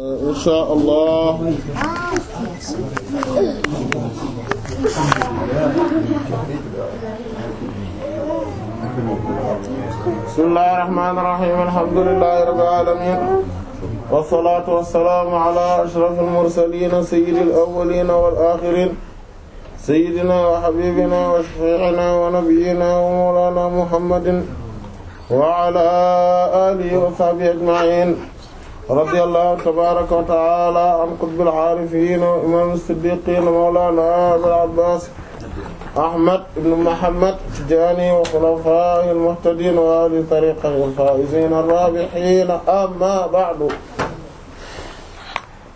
incha allah bismillahi rahmaani rahiim alhamdulillahi rabbil aalamiin wassalaatu wassalaamu ala ashrafil mursaliin sayyidil awwaliin wal aaxiriin sayyidinaa wa habiibinaa wa shafii'inaa wa nabiyyinaa wa mawlaanaa muhammadin wa ala aalihi wa sahbihi ajma'iin radiyallahu tabaraka wa taala an qutbil aarifiin wa imaam as-siddiqiin mawlaana abil abbaas ahmad ibn muhammad tijaani wa xulafaa'ihi al-muhtadiin wa ahli tariiqatihi al-faa'iziin ar-raabihiin amma ba'du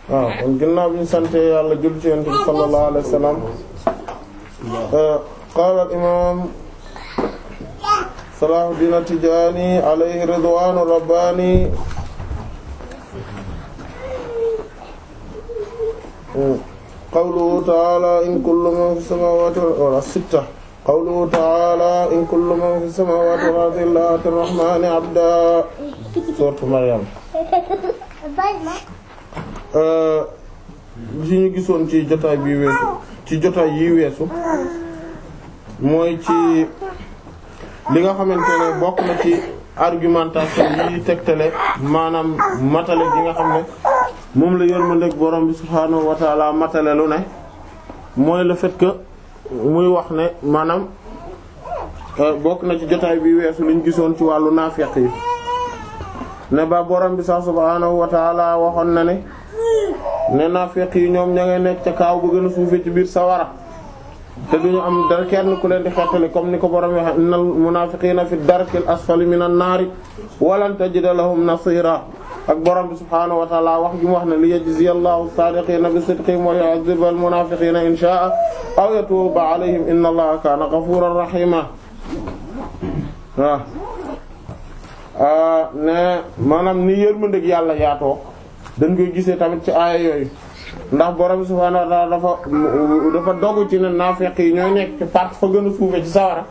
waaw kon ginnaaw bi ñu sant yàlla julli ci Yonent bi sallallahu alayhi wa sallam eh, qaala al-imaam Salaahudiin at-Tijaani alayhi ridwaanu rabbaani Hmm. qawluhu ta'ala in kullu man fi samawati wal ardi sitta qawluhu ta'ala in kullu man fi samawati wal ardi illa ati rahmani abda sourate Maryam yi euh, ñu gisoon ci jotaay bi weesu ci jotaay yi weesu mooy ci li nga xamante ne bokk na ci argumentation yi tegtale maanaam matale gi nga xam ne moom la yërmandeeg borom bi subhaanahu wa taala matale lu ne mooy la fait que wax ne maanaam euh, bokk na ci jotaay bi weesu liñ gisoon ci wàllu naafeq yi ne ba borom bi sax subhaanahu wa taala waxoon na ne ne naafeq yi ñoom ña ngay nekk ca kaaw bu gën a suufee ci biir sawara te ñu am dara kenn ku leen di xettali comme ni ko borom waxe innal munaafiqiina fi darkil asfali minan naari walan tajida lahum nasira ak borom bi subhaanahu wa taala wax gi wax ne li yajziyallahu saadiqiina bi sidqihim wa yu'azziba al-munaafiqiina in shaa'a inna allaha kaana ghafuuran rahiima ah, ne maanaam ni yërmandeeg yàlla yaatoo dañ koy gisee tamit ci aaya yooyu ndax borom bi subhaanahu wa dafa dafa ci ne naafeq ñooy nekk ci fa gën a suufe ci sawara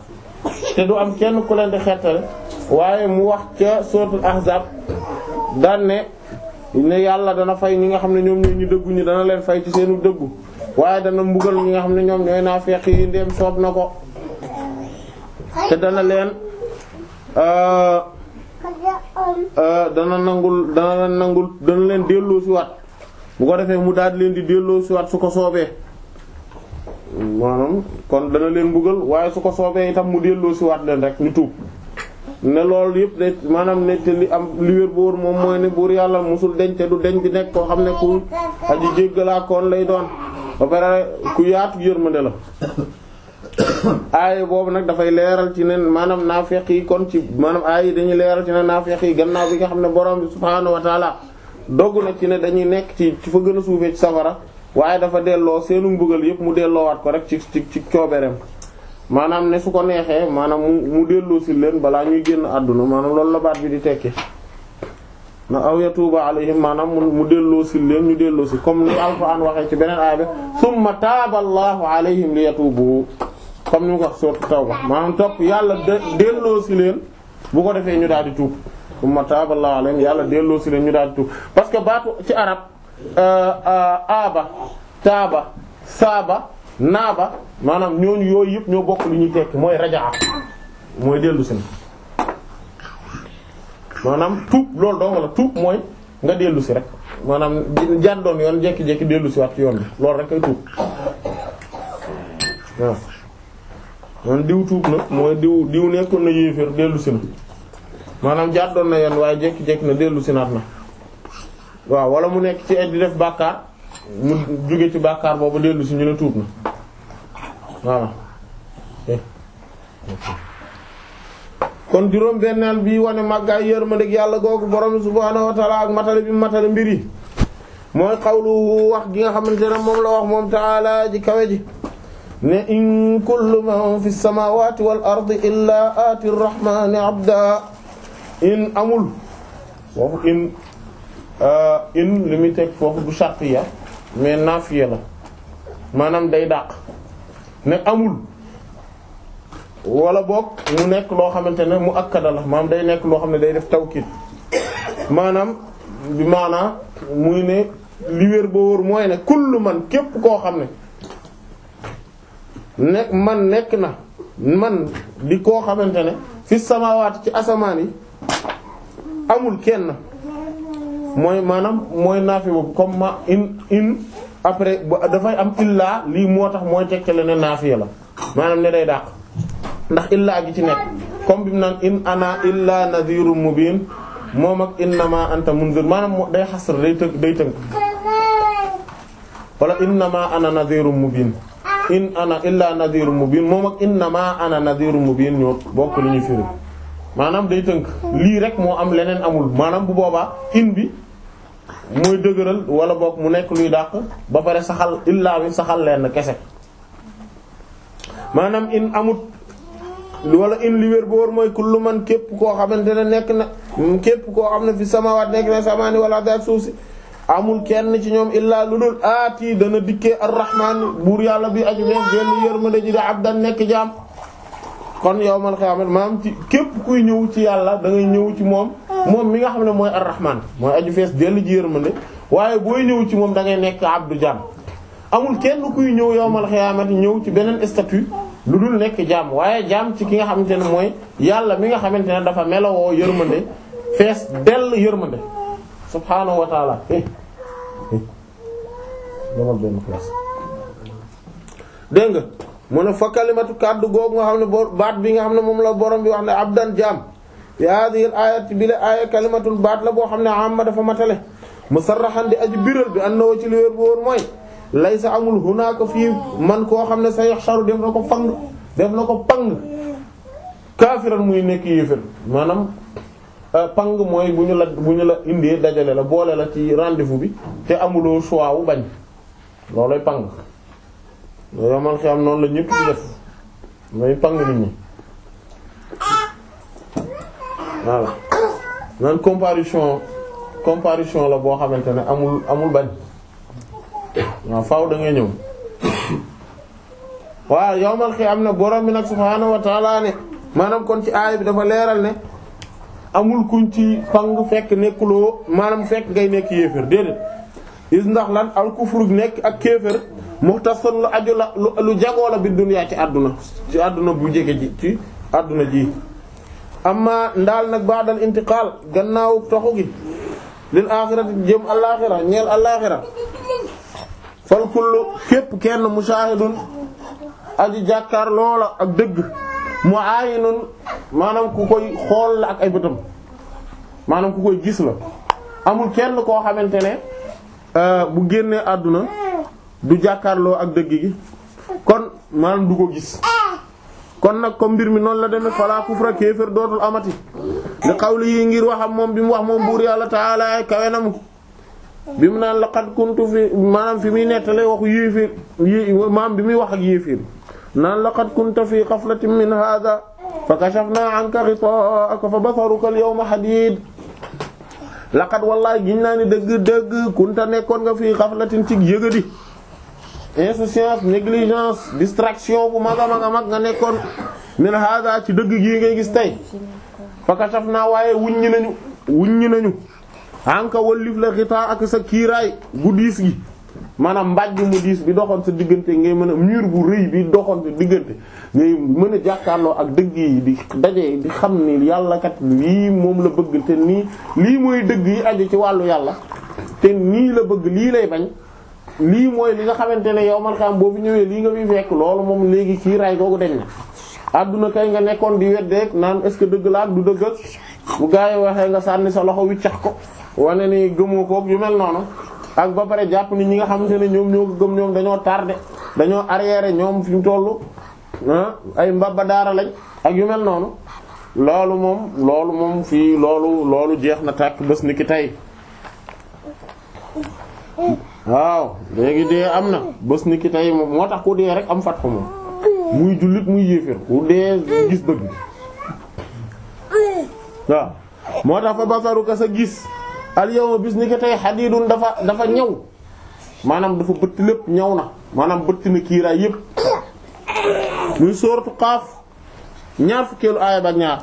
te du am kenn ku leen di xettale waaye mu wax ca suratul ahzab daan ne ne yàlla dana fay ñi nga xam ne ñoom ñooy ñu dëggu ñi dana leen fay ci seenu dëggu waaye dana mbugal ñi nga xam ne ñoom ñooy naafeq yi ndéem soob na ko te dana leen euh, euh, dana nangul dana leen nangul dana leen delloo si waat ko defee mu daal leen di delloo siwaat su ko soobee maanaam kon dana leen mbugal waaye su ko soobee itam mu delloo siwaat leen rek ñu tuub ne loolu yëpp de maanaam ne te li am li wér moom mooy ne buur yàlla musul deñ te du deñ bi nekk koo xam ne ku aji jéggalaakoon lay doon ba pare ku yaatu yërmande la aaya boobu nag dafay leeral ci ne maanaam naafeq yi kon ci maanaam aaya dañuy leeral ci ne naafeq yi gannaaw bi nga xam ne borom bi subhaanahu wa taala dogg na ci ne dañuy nekk ci ci fa gën a suufee ci safara waaye dafa delloo seenu mbugal yëpp mu delloowaat ko rek ci ci ci coobereem maanaam ne su ko neexee maanaam mu mu delloosi leen balaa ñuy génn àdduna maanaam loolu la baat bi di tekki na aw yatuuba alayhim maanaam mu delloosi leen ñu delloosi comme ni an waxee ci beneen aaya bi summa taaba allahu alayhim li yatuubu comme ni mu ko wax sourate tawba maanaam topp yàlla delloosi leen bu ko defee ñu daal di tuub summa taaba allahu alayhim yàlla delloosi leen ñu daal di tuub parce que baatu ci arab euh, euh, aaba taaba saaba ba maanaam ñooñu yooyu yëpp ñoo bokk lu ñuy tekki mooy rajaa mooy dellu si maanaam tuub loolu dong la tuub mooy nga dellu si rek maanaam jàddoon yoon jekki-jekki dellu si waat yoon bi loolu rek kay tuub waaw man diw mooy diw diw nekkoon na yéeféer dellu si maanaam jàddoon na yoon waaye jekki-jekki na dellu si naat na waaw wala mu nekk ci ay di def bàkkaar mu jóge ci bàkkaar boobu dellu si ñu ne tuub na voilà eh. kon juróom benneel bi wane màggaay yërmande yàlla googu borom subhaanahu wa ta'ala ak matale bi matale mbir mooy xawlu wax gi nga xamante ne moom la wax moom ta'ala ji kawe ji ne in kullu man fi samawati wal ardi illa aati rrahmani abda in amul foofu in ah, in li foofu du shartiya mais nafiya la maanaam day dàq ne amul wala boog mu nekk loo xamante ne mu akkada la maanaam day nekk loo xam ne day def taw tawkiid maanaam maanaa muy ne li wér ba wóor mooy ne kullu man képp koo xam ne nekk man nekk na man di koo xamante ne fi samaawaat ci asamaan yi amul kenn mooy maanaam mooy naafi boobu comme ma in in après dafay am illaa lii moo tax mooy tekkale ne naafiya la maanaam ne day dàq ndax illaa gi ci nekk comme bi mu naan in ana illaa nadhirun mubin moom ak innama anta munzir maanaam day xasr day tënk day tënk wala innama ana nadhirun mubin in ana illaa nadhirun mubin moom ak innama ana nadhirun mubin ñoo bokk li ñuy firi maanaam day tënk lii rek moo am leneen amul maanaam bu boobaa in bi muy dëgëral wala boog mu nekk luy dàq ba pare saxal illaa bi saxal lenn kese maanaam in amut wala in li wér boor mooy kullu man képp koo xamante ne nekk na képp koo xam ne fi samawaat nekk na samaani wala daal suuf si amul kenn ci ñoom illaa lu dul aati dana dikkee arrahmaan buur yàlla bi aju benn génn yërmande ji da abdan nekk jaam kon yow man xeyamat maanaam ci képp kuy ñëw ci yàlla dangay ngay ñëw ci moom moom mi nga xam ne mooy arrahman mooy aju fees dellu ji yërmande waaye booy ñëw ci moom dangay ngay nekk abdu jaam amul kenn kuy ñëw yowmal xiyaamati ñëw ci beneen statut lu dul nekk jàmm waaye jaam ci ki nga xamante ne mooy yàlla mi nga xamante ne dafa melowoo yërmande fees dell yërmande subhaanahu wa taala eh, eh, mu ne fa kalimatu kàddu googu nga xam ne baat bi nga xam ne moom la borom bi wax ne abdan jaam yaa hadhihi al aaya bi la aaya kalimatul baat la boo xam ne ma dafa matale musarrahan di aji biral bi annoo ci liwéer bu wóor mooy laysa amul hunaaka fii man koo xam ne sa yaxsharu def na ko pang def na ko pang kaafiran muy nekk yéefér maanaam euh, pang mooy bu ñu la bu ñu la indee dajale la boole la ci rendez bi te amuloo choix wu bañ loolay pang yow man noonu la ñëpp def mooy pang nit ñi voilà man comparution comparution la boo xamante ne amul amul bañ waaw faw da ñëw waaw yowmal xiyaam ne borom bi nag subhaanahu wa ne maanaam kon ci aaya bi dafa leeral ne amul kuñ ci pang fekk nekkuloo maanaam fekk ngay nekk yéefér déedéet is ndax lan al kufru nekk ak kéefér muxtasan lu aju la lu jagoo la bi dunyaa ci àdduna ci àdduna bu jege ji ci àdduna ji amma daal nag baadal intiqaal gannaaw toxu gi lil aaxirati jëm alaaxira ñeel alaaxira fal kullu képp kenn musaahidun aji jàkkaar loola ak dëgg mu aayinun maanaam ku koy xool la ak ay bëtam maanaam ku koy gis la amul kenn koo xamante ne euh, bu génnee àdduna du jàkkaarloo ak dëgg gi kon maanaam du ko gis kon nag comme mbir mi noonu la demee fala kufra kéefër dootul amati li xawli yi ngir waxam moom bi mu wax moom buur yàlla taala kawe na mu bi mu naan laqad kuntu fi maanaam fi muy nettalee waxu yéeféer maam bi muy wax ak yéeféer naan laqad kunta fi xaflatin min hada fa kashafna anka ghitaa'aka fa basaruka al-yawma hadiid laqad wallahi giñ naa ni dëgg dëgg kunta nekkoon nga fi xaflatin ci yëgadi insouciance négligence distraction bu mag a mag a mag nga nekkoon min hada ci dëgg gii ngay gis tey fakasaf naa waaye wuññi nañu wuññi nañu anka wallif la xitaa ak sa kiiraay bu diis gi maanaam mbàjj mu diis bi doxoon sa diggante ngay mën a mur bu rëy bi doxoon sa diggante ngay mën a jàkkaarloo ak dëgg yi di daje di xam ni yàlla kat lii moom la bëgg te nii lii mooy dëgg yi aju ci wàllu yàlla te nii la bëgg lii lay bañ lii mooy li nga xamante ne yow man xam boo fi ñëwee lii nga fi fekk loolu moom léegi kii ray googu dañ na àdduna kay nga nekkoon di weddeek naan est-ce que dëgg la ak du dëgg bu gaa yi waxee nga sànni sa loxo wiccax ko wane ni gëmoo koog yu mel noonu ak ba pare jàpp ni ñi nga xamante ne ñoom ñoo ko gëm ñoom dañoo tardé dañoo arriéré ñoom fi mu toll ah, ay mbabba daara lañ ak yu noonu loolu moom loolu moom fii loolu loolu jeex na tàkk bés ni ki tey waaw léegi dee am na bés ni ki tey moom moo tax ku dee rek am fatxu moom muy jullit muy yéeféer ku dee gis dëgg waaw moo tax fa basaruka sa gis al yawma bis ni ki tey xadiidun dafa dafa ñëw maanaam dafa bëtt lépp ñëw na maanaam bëtt na kiiraay yépp muy sooratu xaaf ñaar fukkeelu aaya ba ñaar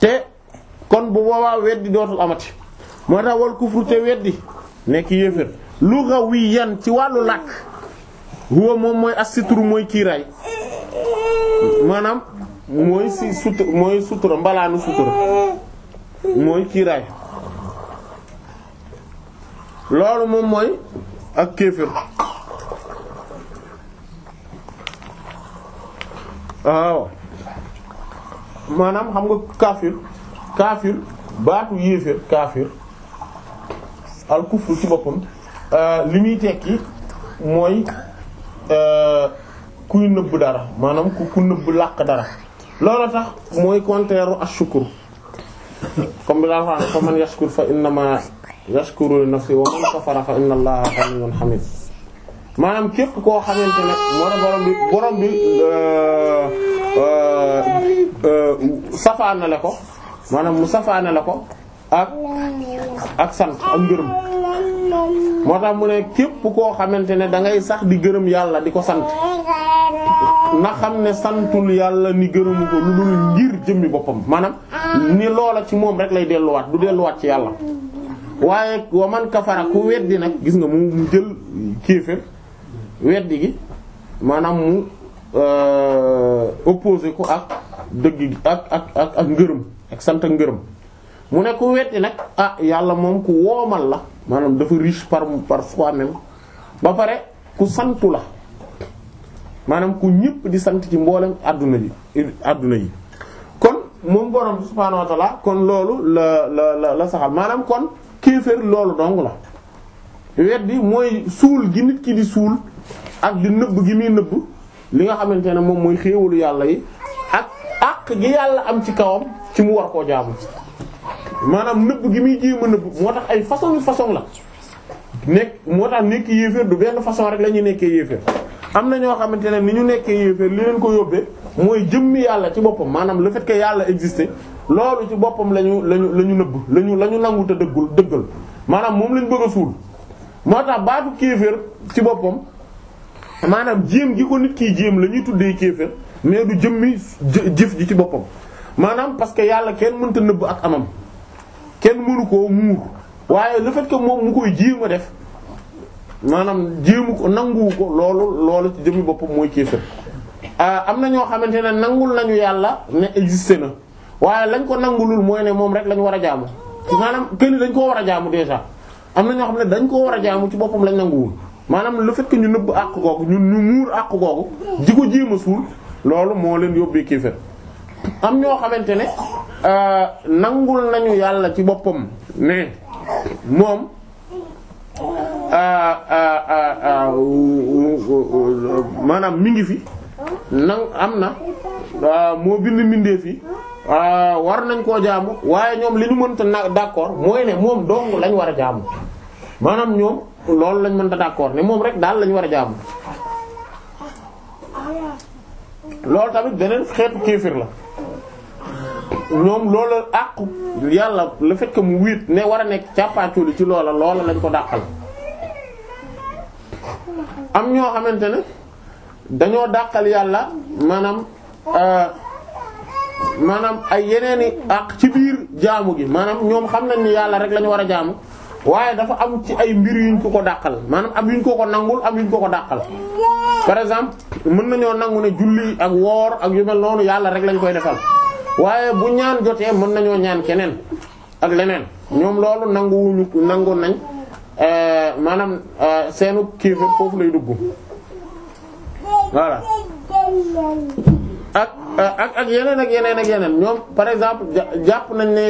te kon bu boobaa weddi dootul amati moo tax wal kufru te weddi nekk yéeféer yan ci wàllu làkk huwa moom mooy as-sitru mooy kiiraay maanaam mooy si sutura mooy sutura mbalaanu sutura mooy kiiraay loolu moom mooy ak kéefir waaw maanaam xam nga kaafir kaafir baatu yéefir kaafir al kufru ci boppam Euh, li muy tekki mooy euh, kuy nëbb dara maanaam ku ku nëbb làq dara loolu tax mooy contraire ash-shukr comme bi laa wax fa man yashkur fa innama yashkuru li nafsi wa man kafara fa inna allaha ghaniyyun hamid maanaam képp koo xamante ne moo bi borom euh, ko maanaam mu safaana la ko ak ak sant ak ngërëm moo tax mu ne képp koo xamante ne da ngay sax di gërëm yàlla di ko sant na xam ne santul yàlla ni gërëmu ko lu dul ngir jëmmi boppam maanaam ni loola ci moom rek lay delluwaat du delluwaat ci yàlla waaye wa man kafara ku weddi nag gis nga mu mu jël kéefër weddi gi maanaam mu euh, opposé ko ak dëgg ak ak ak ak ngërëm ak sant ak ngërëm mu ne ku weddi nag ah yàlla moom ku woomal la maanaam dafa riche par par soi-même ba pare ku santu la maanaam ku ñëpp di sant ci mboolem àdduna yi àdduna yi kon moom borom bi subhaanahu wa kon loolu la la la saxal maanaam kon kéefër loolu dong la weddi mooy suul gi nit ki di suul ak di nëbb gi muy nëbb li nga xamante ne moom mooy xéewalu yàlla yi ak àq gi yàlla am ci kawam ci mu war koo jaamu maanaam nëbb gi muy jéem a nëbb moo tax ay façon façon la nekk moo tax nekk yéeféer du benn façon rek la ñu nekkee yéeféer am na ñoo xamante ne ni ñu nekkee yéeféer li leen ko yóbbee mooy jëmmi yàlla ci boppam maanaam le fait que yàlla existé loolu ci boppam lañu lañu la ñu nëbb lañu la ñu nangu te dëggul dëggal maanaam lañ bëgg a suul moo tax ci boppam maanaam jéem gi ko nit kiy jéem la ñuy tuddee kéeféer mais du jëmmi jëf ji ci boppam maanaam parce que yàlla kenn mënta nëbb ak amam kenn mënu koo muur waaye le fait que moom mu koy jéem def maanaam jéemu ko nanguwu ko loolu loolu ci jëmmi boppam mooy kéefër ah, am na ñoo xamante ne nangul nañu yàlla ne existé na waaye lañ ko nangulul mooy ne moom rek lañ war a jaamu maanaam kenn dañ koo war a jaamu déjà am na ñoo xam ne dañ koo war a jaamu ci boppam lañ nanguwul maanaam le fait ñu nëbb àq googu ñun ñu muur àq googu di ko jéem suul loolu moo leen yóbbee kéefër am ñoo xamante ne euh, nangul nañu yàlla ci boppam ne moom euh, euh, maanaam mi ngi fi nang am na moo bind mbindee fi war nañ koo jaamu waaye ñoom li ñu mënta na d'accord mooy ne moom dong lañ war a jaamu maanaam ñoom loolu lañ mënta d'accord ne moom rek daal lañ war a jaamu loolu tamit beneen xeetu kéefir la ñoom loola àqu yàlla la fekk mu wiit ne war a nekk càppaacoli ci loola loola lañ ko dàqal am ñoo xamante ne dañoo dàqal yàlla maanaam euh, maanaam ay yeneeni àq ci biir jaamu gi maanaam ñoom xam na ni yàlla rek lañu war a jaamu waaye dafa am ci ay mbir yuñ ko ko dàqal maanaam am yuñ ko ko nangul am yuñ ko ko dàqal par exemple mën nañoo nangu ne julli ak woor ak yu mel noonu yàlla rek lañ koy defal waaye bu ñaan jotee mën nañoo ñaan keneen ak leneen ñoom loolu nanguwuñu nangu nañ euh, maanaam euh, seenu kéefër foofu lay duggu voilà ak euh, ak ak yeneen ak yeneen ak yeneen ñoom par exemple jàpp nañ ne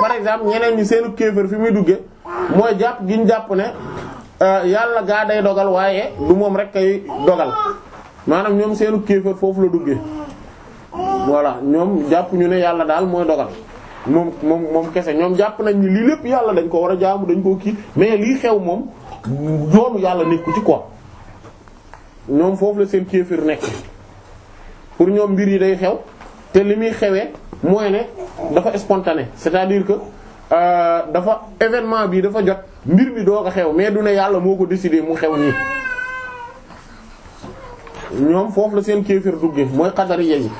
par exemple ñeneen ñi seenu kéefër fi muy duggee mooy jàpp gi ñu jàpp ne euh, yàlla gaa day dogal waaye du moom rek ay dogal maanaam ñoom seenu kéefër foofu la duggee voilà ñoom jàpp ñu ne yàlla daal mooy dogal moom moom moom kese ñoom jàpp nañ lii lépp yàlla dañ ko war a jaamu dañ koo kii mais lii xew moom yoonu yàlla nekku ci quoi ñoom foofu la seen kéefër nekk pour ñoom mbir yi day xew te li muy xewee mooy ne dafa spontané c'est-à-dire que Euh, dafa événement bi dafa jot mbir mi doog a xew mais du ne yàlla moo ko décidé mu xew nii ñoom foofu la seen kéefër duggee mooy qadariya yi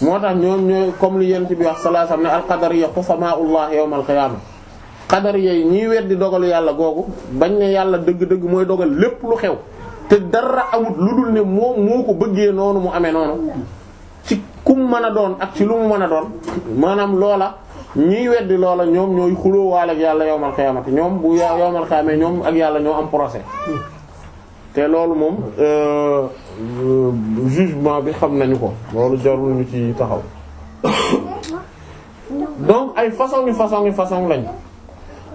moo tax ñoom ñooy comme li yent bi wax sallallahu alayhi wasallam ne al qadariya xufamaa'ullah yawmal qiyaama qadariya yi ñiy di dogalu yàlla googu bañ ne yàlla dëgg-dëgg mooy dogal lépp lu xew te dara amut lu dul ne moom moo ko bëggee noonu mu amee noonu ci kum mën a doon ak ci lu mu mën a doon maanaam loola ñii weddi loola ñoom ñooy xuloo waale ak yàlla yowmal xiyaamati ñoom bu yowmal xiyaamee ñoom ak yàlla ñoo am procès te loolu moom euh, jugement bi xam nañu ko loolu jarul ñu ci taxaw donc ay façon ni façon ni façon lañ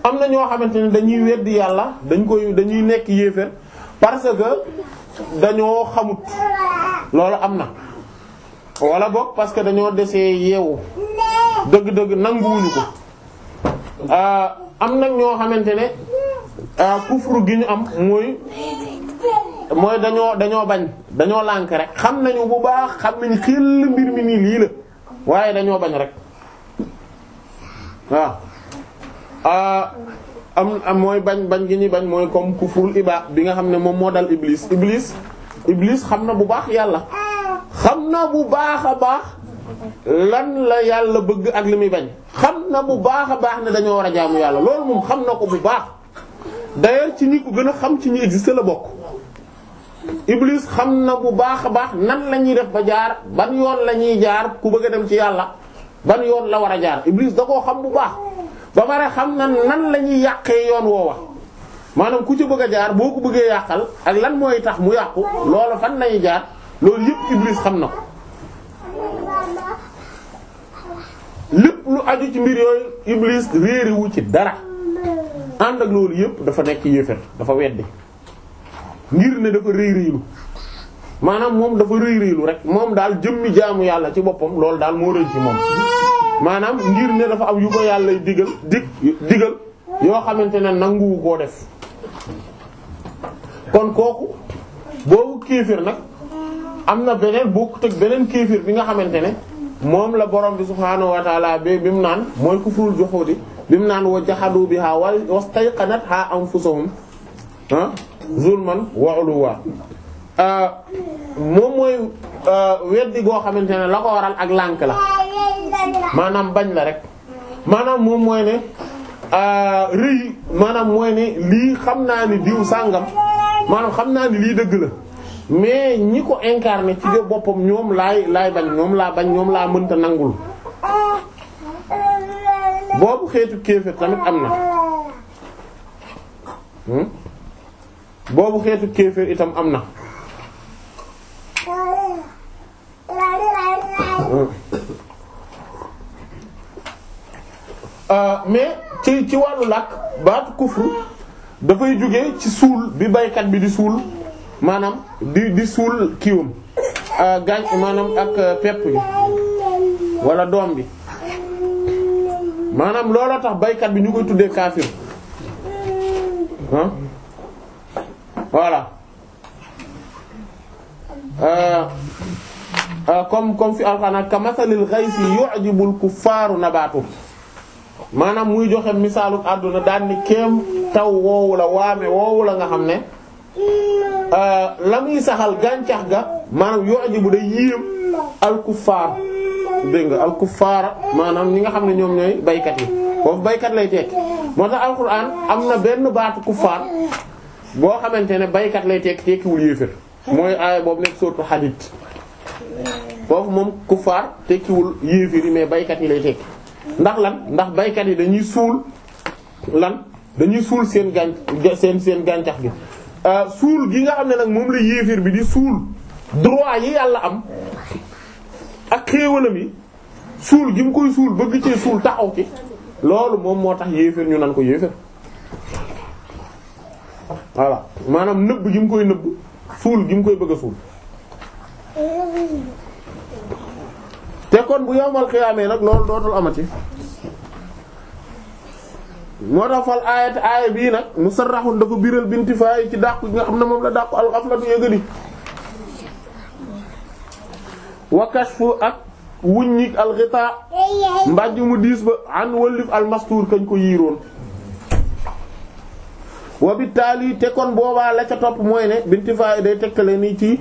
am na ñoo xamante ne dañuy weddi yàlla dañ koy dañuy nekk yéeféer parce que dañoo xamut loolu am na wala boog parce que dañoo desee yeewu dëgg-dëgg nanguwuñu ko ah, am nag ñoo xamante ne ah, kufru gi ñu am mooy mooy dañoo dañoo bañ dañoo lànk rek xam nañu bu baax xam nañu xel mbir mi nii lii la waaye dañoo bañ rek waaw ah, am mooy bañ bañ gi ñuy bañ mooy comme kufrul iba bi nga xam ne moom moo dal iblis iblis iblis xam na bu baax yàlla xam na bu baax a baax lan la yàlla bëgg ak li muy bañ xam na bu baax a baax ne dañoo war a jaamu yàlla loolu moom xam na ko bu baax d'ailleurs ci ñi ko gën a xam ci ñi existé la bokk Iblis xam na bu baax a baax nan la ñuy def ba jaar ban yoon la ñuy jaar ku bëgg a ci yàlla ban yoon la war a jaar Iblis da koo xam bu baax ba pare xam na nan la ñuy yàqee yoon woowa maanaam ku ci bëgg a jaar boo ko bëggee yàqal ak lan mooy tax mu yàqu loolu fan lañuy jaar loolu yépp Iblis xam na lépp lu aju ci mbir yooyu iblis réeri ci dara ànd ak loolu yëpp dafa nekk yéefar dafa weddi ngir ne dafa rëy maanaam moom dafa rëy rek moom daal jëmmi jaamu yàlla ci boppam loolu daal moo rëy ci moom maanaam ngir ne dafa am yu ko yàlla digal diggal digal yoo xamante ne nanguwu koo def kon kooku boobu kéefër nag am na beneen bokkut ak beneen kéefir bi nga xamante ne moom la borom bi subhaanahu wa taala bi bi mu naan mooy kufrul juhuudi bi mu naan wa jahadu bihaa wastayqanathaa anfusuhum zulman wa uluwwa euh, moom mooy euh, weddi goo xamante ne la ko waral ak lànk la maanaam bañ la rek maanaam moom mooy ne euh, rëy maanaam mooy ne lii xam naa ni diw sàngam maanaam xam naa ni lii dëgg la mais ñi ko incarné ci ah. boppam ñoom laay laay bañ moom laa bañ ñoom laa mënta nangul ah. boobu xeetu kéefër tamit am na hmm? boobu xeetu kéefër itam am na hmm. ah, mais ci ci wàllu làkk baatu kufru dafay jóge ci suul bi baykat bi di suul maanaam di di suul kiiwam ah, gaañ maanaam ak ah, pepp bi wala doom bi maanaam looloo tax baykat bi ñu koy tuddee kaafir ah voilà ah, comme comme fi alxaana kamasalil ghaysi yu'jibul kuffaaru nabaatu maanaam muy joxe misaaluk àdduna daan ni kéem taw woowu la waame woowu la nga xam ne Euh, la muy saxal gàncax ga maanaam yu'jibu day yéem alkufaar dégg nga alkufaar maanaam ñi nga xam ne ñoom ñooy baykat yi foofu baykat lay tekki moo tax alxuraan am na benn baatu kufaar boo xamante ne baykat lay tekki tekkiwul yéefér mooy aaya boobu nekk sourate Hadid foofu moom kufaar tekkiwul yéefér yi mais baykat yi lay tekki ndax lan ndax baykat yi dañuy suul lan dañuy suul seen gànc seen seen gàncax gi Euh, suul gi nga xam ne nag moom la yéefir bi di suul droit yi yàlla am ak xéewalam yi suul gi mu koy suul bëgg cee suul taxaw ci loolu moom moo tax yéefir ñu naan ko yéefir voilà maanaam nëbb gi mu koy nëbb suul gi mu koy bëgg a suul te kon bu yomal xiyaamee nag loolu dootul amati moo tax fal aayat aaya bii nag musarrahun dafa biral binti faay ci dàqu nga xam ne moom la dàqu alxaflatu yëgëni wa kashfu ak wuññik mu diis ba an wallif almastuur ko yiiroon wa bi taali te ca topp mooy ne binti faay day tekkale nii ci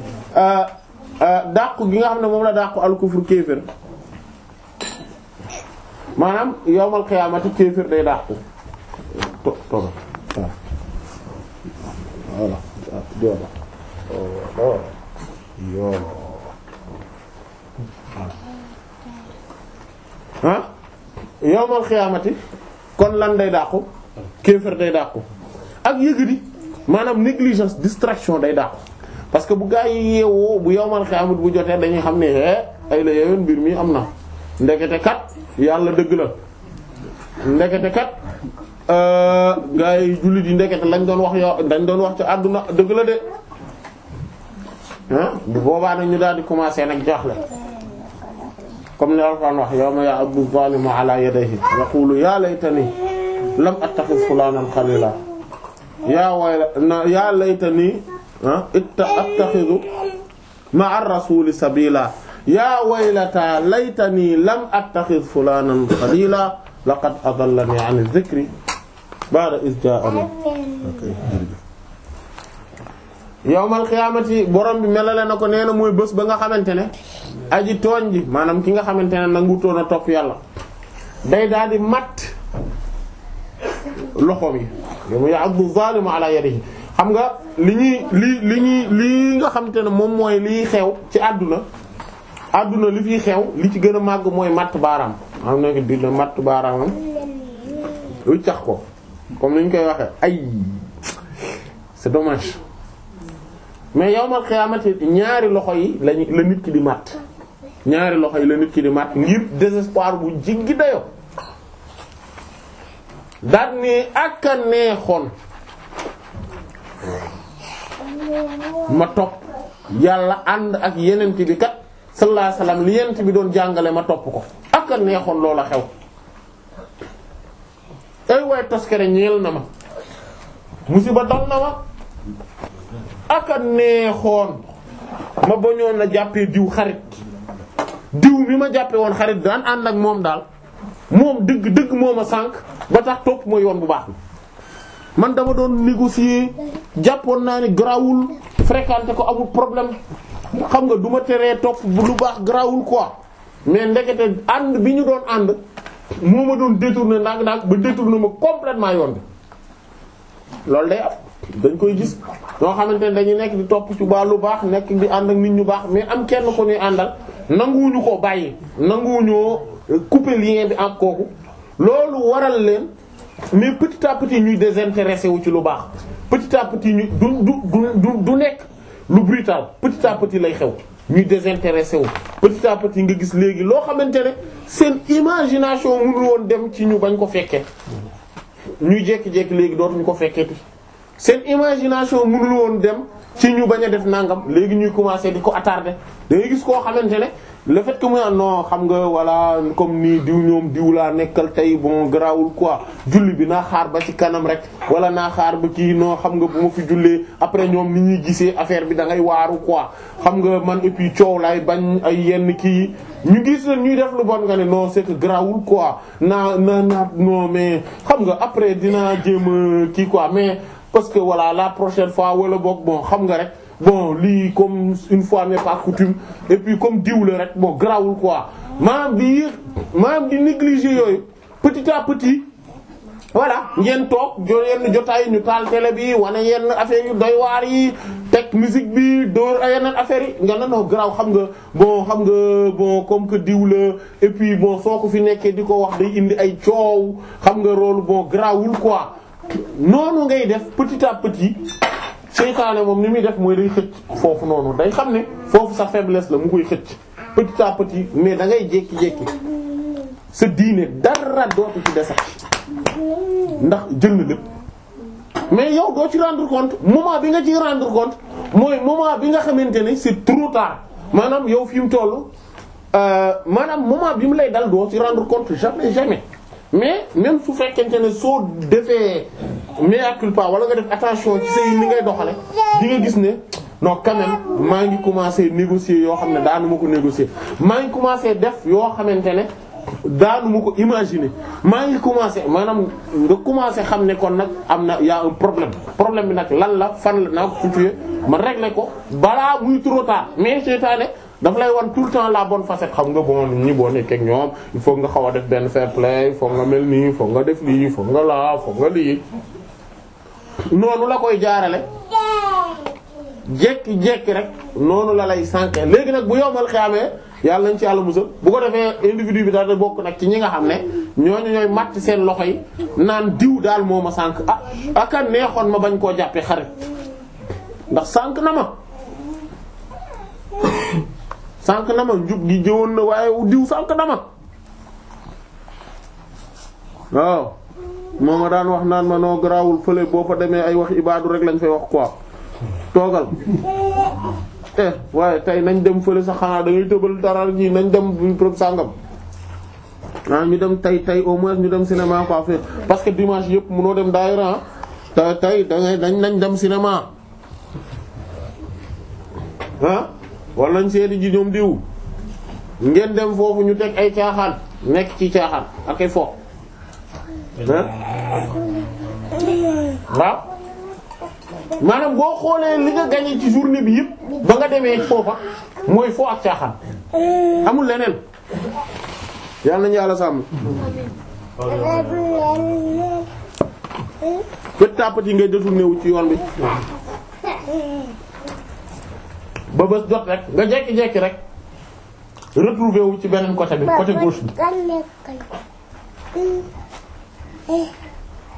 dàq gi nga xam ne moom la dàqu alkufur euh, euh, kéefër maanaam yowmal xiyaamati kéefër day dàqu to toogal voilà voilà xiyaamati kon lan day dàqu kéefër day dàqu ak yëgadi maanaam négligence distraction day dàqu parce que bu gaa yi yeewoo bu yowmal xiyaamati bu jotee dañuy xam ne hee eh, ay la yeeween mbir mi am na ndekete kat yàlla dëgg la ndekete kat Euh, gaa yi jullit yi ndekete lañ doon wax yoo dañ doon wax ci àdduna dëgg la de ah bu boobaa nag ñu daal di commencer nag jaaxle comme ni Alxuraan wax yawma ya'addu zaalimu ala yadayhi yaqulu yaa lam attakhidh fulaanan khaliila yaa wayla yaa lam attakhidh fulaanan khaliila laqad adallani 'ani dhikri baada is ja'ahum xiyaamati borom bi melale na ko nee na mooy bës ba nga xamante ne aji tooñ ji maanaam ki nga xamante ne nangutoon a topp yàlla day daal di matt loxoom yi yawma ya'addu zaalimu ala yadihi xam nga li ñuy li li ñuy lii nga xamante ne moom mooy liy xew ci àdduna àdduna li fiy xew li ci gën a màgg mooy matt baaraam xam ne di matt baaraamam wiccax ko comme ni ñu koy waxee ay c'est dommage mais yawmal xiyaamati ñaari loxo yi lañu la nit ki di màtt ñaari loxo yi la nit ki di màtt ngir désespoir bu jiggi dayo daal ni ak a neexoon ma topp yàlla ànd ak yenent bi kat sallallahu alayhi wasallam li yenent bi doon jàngale ma topp ko ak a neexoon loola xew ay waay taskare ñeel na ma musiba dal na ma aka neexoon ma bañoon na jàppee diw xarit diw bi ma jàppee woon xarit daan ànd ak moom daal moom dëgg dëgg moom a sànq ba tax topp ma yoon bu baax man dama doon négocier jàppoon naa ne grawul fréquenter ko amul problème xam nga du ma teree topp lu baax grawul quoi mais ndekete ànd bi ñu doon ànd moo ma doon détourné ndànk ndànk ba détourné ma complètement yoon bi loolu de am dañ koy gis ñoo xamante ne dañuy nekk di topp ci ba lu baax nekk bi ànd ak nit ñu baax mais am kenn ko ñuy àndal nanguwuñu koo bàyyi nanguwuñoo couper lien bi ak kooku loolu waral leen mais petit à petit ñuy désintéressé wu ci lu baax petit à petit nekk lu brutal petit à petit lay xew. ñuy désintéressé wu petit à nga gis léegi loo xamante ne seen imagination mënul woon dem ci ñu bañ ko fekkee ñuy jékki-jékki léegi dootuñu ko fekketi seen imagination mënul woon dem ci ñu bañ a def nangam léegi ñuy commencer di ko attarder da gis koo xamante ne le fait que mu non xam nga voilà comme nii diw ñoom diw laa nekkal tey bu mu garaawul quoi julli bi naa xaar ba ci kanam rek wala naa xaar ba kii noo xam nga bu ma fi jullee après ñoom ni ñuy gisee affaire bi da ngay waaru quoi xam nga man et puis coow laay bañ ay yenn kii ñu gis leen ñuy def lu bon nga ne non c'est que garaawul quoi naa naa naa mais xam nga après dinaa jéem kii quoi mais. parce que voilà la prochaine fois wala boog bon xam nga rek bon lii comme une fois n'est pas coutume comme diw rek bon grawul quoi maanaam di yéex maanaam di négliger yooyu petit à petit voilà ngeen toog jo yenn jotaay ñu taal télé bi wane yenn affaire yu doy waar yi teg musique bi dóor ay yeneen affaires yi nga ne noo garaaw xam nga bon xam nga bon comme que diw la et puis bon soo ko fi nekkee di ko wax day indi ay coow xam nga loolu bon garaawul quoi noonu ngay def petit à petit seytaane moom ni muy def mooy day xëcc foofu noonu day xam ne foofu sa faiblesse la mu koy xëcc petit à petit mais dangay ngay jékki-jékki sa diine dara dootu ci desat ndax jël na lépp mais yow doo ci rendre compte moment bi nga ciy rendre compte mooy moment bi nga xamante ne c'est trop tard maanaam yow fi mu toll euh, maanaam moment bi mu lay dal doo ci rendre compte jamais jamais. mais même su fekkente ne soo defee mea culpa wala nga def attention ci say ni ngay doxale di nga gis ne noo quand maa ngi commencer négocier yoo xam ne daa daanu ma ko négocier maa ngi commencer def yoo xamante ne daanu ko imaginer maa ngi commencer maanaam nga commencer xam ne kon nag am na y'a un problème problème bi nag lan la fan la naa ko fucuyee ma régler ko balaa muy trop tard mais seytaane dafa lay wan tout le temps la bon facette xam nga bon nit ñi boo nekkee ak ñoom il faut nga xaw a def benn fair play foog nga mel nii foog nga def lii foog nga laa foog nga lii noonu la koy jaarale jekki jekki rek noonu la lay sànke léegi nag bu yombal xeamee yàlla nañ ci yàlla musal bu ko defee individu bi daal da bokk nag ci ñi nga xam ne ñooñu ñooy màtt seen loxo yi naan diw daal moo ma sànk ah aka neexoon ma bañ koo jàppee xarit ndax sànk na ma sànq na ma njub gi jëwoon na waaye diw sànq na ma waaw moo ma daan wax naan ma noo garaawul fële boo fa demee ay wax ibaadu rek lañ fay wax quoi toogal eh waaye tey nañ dem fële sa xanaa da ngay tëbal dara ji nañ dem bu preuve sàngam ah ñu dem tey tey au moins ñu dem cinéma quoi fii parce que dimanche yëpp mënoo dem daayira ah. tey tey da nañ dem cinéma ah wala ñu seeti ji ñoom diw ngeen dem foofu ñu teg ay caaxaan nekk ci caaxaan ak ay fo waaw maanaam boo xoolee li nga gagné ci journée bi yëpp ba nga demee foofa mooy fo ak caaxaan amul leneen yàlla nañu yàlla sàmm petit à ngay détourné wu ci yoon bi ba bës jot rek nga jekki-jekki rek retrouvé wu ci beneen côté bi côté gauche bi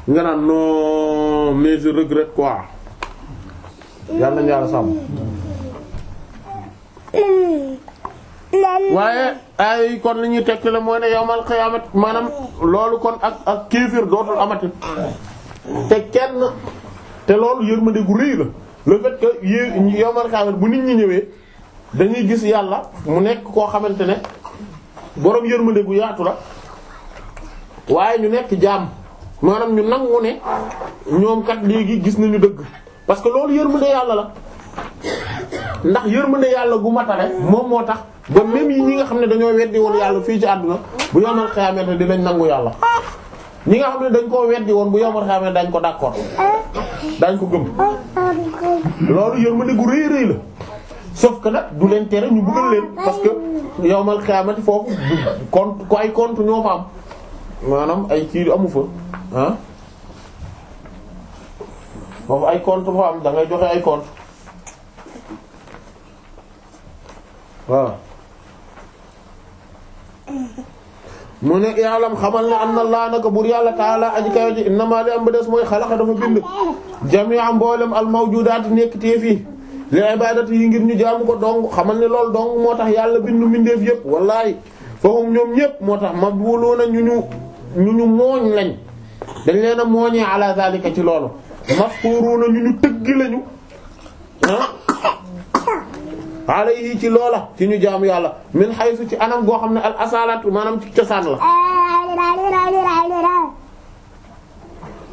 nga naan non mais je regrette quoi yàlla nañu yàlla sàmm waaye ay kon lañuy ñuy tekk la mooy ne yawmal xiyaamat maanaam loolu kon ak ak kéefir dootul amati te kenn te loolu yërmande gu rëy la le fait que yé yomal xaaral bu nit ñi ñëwee dañuy gis yàlla mu nekk koo xamante ne boroom yërmande bu yaatu la waaye ñu nekk jaam maanaam ñu nangu ne ñoom kat léegi gis nañu dëgg parce que loolu yërmande yàlla la ndax yërmande yàlla gu matale moom moo tax ba même yi ñi nga xam ne dañoo weddi woon yàlla fii ci àdduna bu yomal xaaral dinañ nangu yàlla. ñi nga xam ne dañ koo weddi woon bu yombal xam ne dañ ko d'accord dañ ko gëm loolu yërmande gu rëy rëy la sauf que nag du leen tere ñu bëggal leen parce que yowmal xiyaamati foofu compte ko ay compte ñoo fa am maanaam ay kii amu fa ah foofu ay compte fa am da joxe ay compte waaw mu ne yaalam xamal ne am na laa naka buur yàlla taala aji kayo ji innama li am ba des mooy xalaqa dafa bind jami'a mboolem al mawjudaat nekk téef yi li ibaadati yi ngir ñu jaamu ko dong xamal ne lool dong moo tax yàlla bindu mbindeef yëpp wallaay fahum ñoom ñëpp moo tax mabuluuna ñu ñu ñu ñu mooñ lañ dañ leen a mooñee ala zalika ci loolu mafkuruuna ñu ñu tëgg lañu ah? alayhi ci loola ci ñu jaamu yàlla min haythu ci anam goo xam ne al asalatu maanaam ci cosaan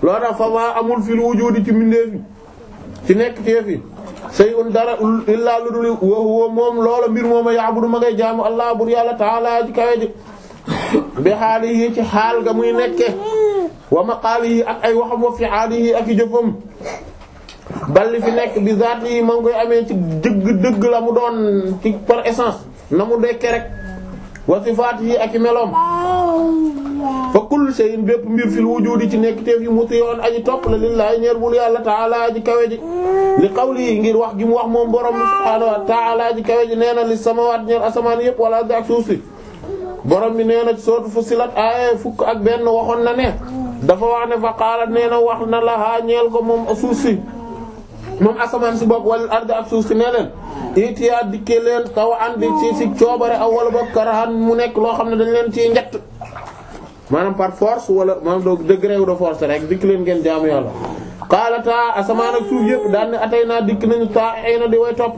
la loo fa maa amul fil wujudi ci mbindeef ci nekk teef yi sayun dara illaa lu dul wa moom loola mbir mooma ya'budu ma ngay jaamu allah bur yàlla ta'ala ji kawe ji bi xaalihi ci xaal ga muy nekke wa maqaalihi ak ay waxam wa fi aalihi ak i jëfam balli fi nekk di zaat yi ma ngi koy amee ci dëgg dëgg la mu doon ci par essence na mu dekke rek wa sifaat yi ak i meloom fa kullu shay'in bépp mbir fil wujudi ci nekk teef yi mutiyoon aji topp la lillaahi ñeer bul yàlla taala aji kawe li qawli yi ngir wax gi mu wax moom borom subhaanahu wa ji nee na li samawaat ñeer wala ardi ak suuf borom bi nee na sootu Fussilat aaye fukk ak benn waxoon na ne dafa wax ne fa qaala nee na wax na la haa ñeel ko moom suuf si moom asamaan si bopp wala arda ak suuf si nee leen itiyaa dikkee leen taw an mu nekk loo xam ne dañ leen ciy maanaam par force wala maanaam degré de rek dikk leen ngeen jaamu yàlla xaalataa asamaan ak suuf yëpp daan ne atay naa dikk na di way topp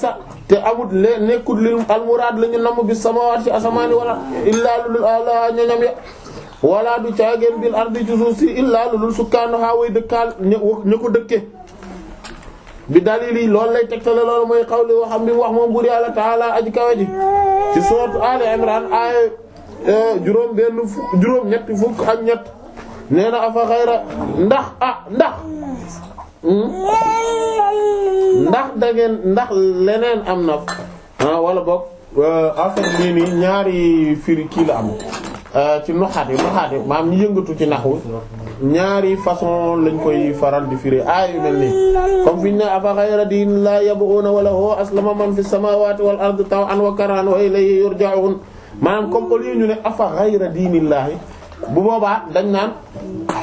sa te amut le nekkut li almuraad la ñu namm bi samawaat ci asamaan yi wala illaa lul ala ñoñam ya wala du caageen bil ardi ci si illaa lu lul sukkaanohaa way dëkkaal ñu ko dëkke bi dalili loolu lay tegtale loolu mooy xawli waxam bi wax moom bur yàlla taala aji kawe ji ci sourate Ali Imran aaya euh, juróom benn juróom ñetti fukk ak ñett nee afa xayra ndax ah ndax hmm? ndax leneen am na ah, wala boog euh, affaire bii nii ñaari firi kii la am Euh, ci noxaat yi noxaat yi maam ñu yëngatu ci naxu ñaari façon lañ koy faral di firi aay yu mel nii comme fi ñu ne afa ghayra diin wa lahu aslama man fi samaawaati maanaam comme au lieu ñu ne afa ghayra diinillaahi bu boobaa dañ naan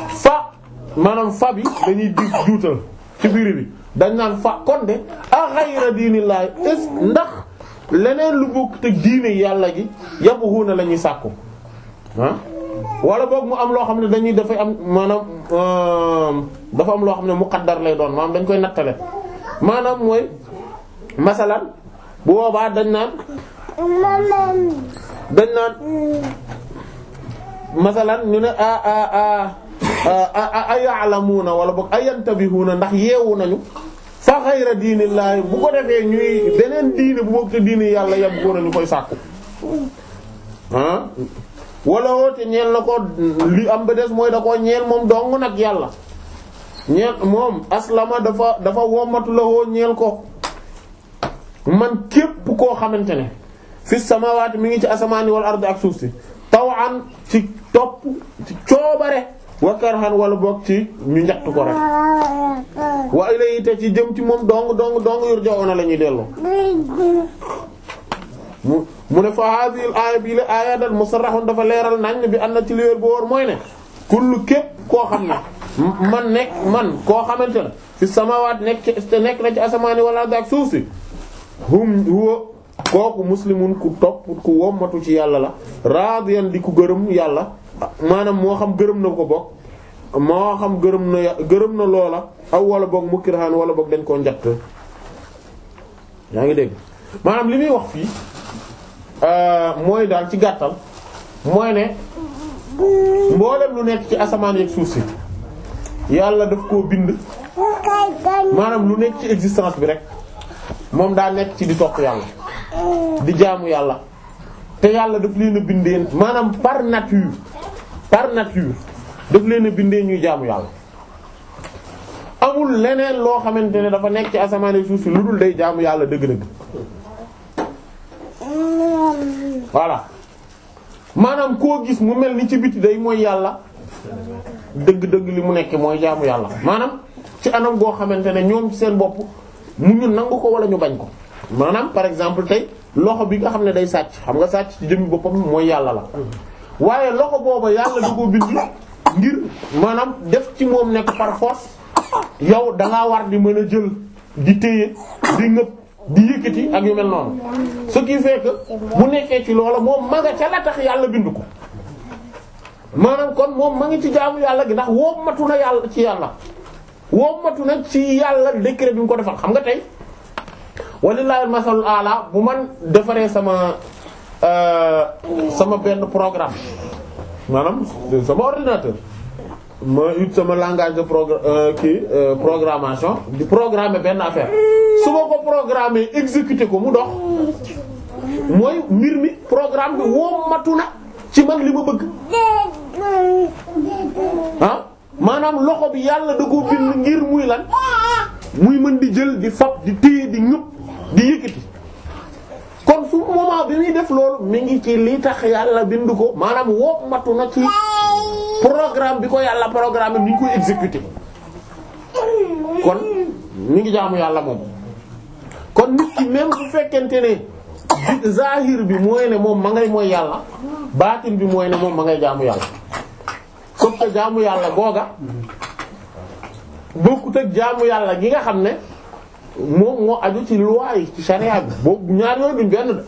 fa maanaam fa bi dañuy di juutal ci firi bi dañ naan fa kon de a ghayra diinillaahi est ndax leneen lu bokk te diine yàlla gi yabghuuna la ñuy sàkku ah wala boog mu am loo xam ne dañuy dafay am maanaam euh, dafa am loo xam ne muqaddar lay doon maanaam dañ koy nattale maanaam mooy masalan bu boobaa dañ naan dañ naan masalan ñu ne a a a a ya'lamuna wala boog a yantabihuna ndax yeewu nañu fa xayra diinillaahi bu ko defee ñuy beneen diine bu bokk te diine yàlla yab góor nañu koy sàkku wala woote ñeel na ko li am ba des mooy da koo ñeel moom dong nag yàlla ñeel moom aslama dafa dafa womatu la woo ñeel ko man képp koo xamante ne sama samawaati mi ngi ci asamaani wal ardi ak suuf si tawaan ci topp ci coobare wa karhan wala boog ci ñu njatt ko rek wa ilayhi ci jëm ci moom dong dong dong yurja'una la ñuy dellu mu ne fa aaya bii la aaya dal musarrahun dafa leeral nañ bi am na ci liwéer bu wóor mooy ne kullu képp koo xam ne man nekk man koo xamante ci fi samawaat nekk ci nekk na ci asamaani wala daak suuf si hum huwa kooku muslimun ku topp ku wommatu ci yàlla la radiyan di ku gërëm yàlla maanaam moo xam gërëm na ko bokk moo xam gërëm na gërëm na loola aw wala boog mukiraan wala boog dañ koo njatt yaa ngi dégg maanaam li muy wax fii Euh, mooy daal ci gàttal mooy ne mboolem lu nekk ci asamaan yeeg suuf si yàlla daf koo bind maanaam lu nekk ci existence bi rek moom daa nekk ci di topp yàlla di jaamu yàlla te yàlla daf leen a bindee maanaam par nature par nature daf leen a bindee ñuy jaamu yàlla amul leneen loo xamante ne dafa nekk ci asamaan yeeg suuf si lu dul day jaamu yàlla dëgg-dëgg voilà maanaam koo gis mu mel ni ci biti day mooy yàlla dëgg-dëgg li mu nekk mooy jaamu yàlla maanaam ci anam goo xamante ne ñoom seen bopp mu ñu nangu ko wala ñu bañ ko maanaam par exemple tey loxo bi nga xam ne day sàcc xam nga sàcc ci jëmmi boppam mooy yàlla la waaye loxo booba yàlla da koo bind ngir maanaam def ci moom nekk par force yow dangaa war di mën a jël di téye di ngëpp di yëkkati ak yu mel noonu ce qui fait que bu nekkee ci loola moom ma nga la tax yàlla bindu ko maanaam kon moom ma ngi ci jaamu yàlla gi ndax wommatu na yàlla ci yàlla wommatu na ci yàlla décret bi mu ko defal xam nga tey walillahi masalul ala bu man defaree sama euh, sama benn programme maanaam sama ordinateur ma ut sama langage de euh, kii euh, programmation di programme benn affaire su ma ko programmer exécuter ko mu dox mooy mbir mi programme bi wommatu na ci man li ma bëgg ah maanaam loxo bi yàlla da ko bind ngir muy lan muy mën di jël di fab di téye di ñëpp di yëkkati kon fu moment bi muy def lool mi ngi ci li tax yàlla bind ko maanaam wommatu na ci programme bi ko yàlla programme bi ñu koy exécuter kon ñu ngi jaamu yàlla moom kon nit ki même bu fekkente ne zahir bi mooy ne moom ma ngay mooy yàlla baatin bi mooy ne moom ma ngay jaamu yàlla sauf que jaamu yàlla googa bokkut ak jaamu yàlla gi nga xam ne moom moo aju ci loi yi ci charia bi boobu ñaar yooyu duñ benn de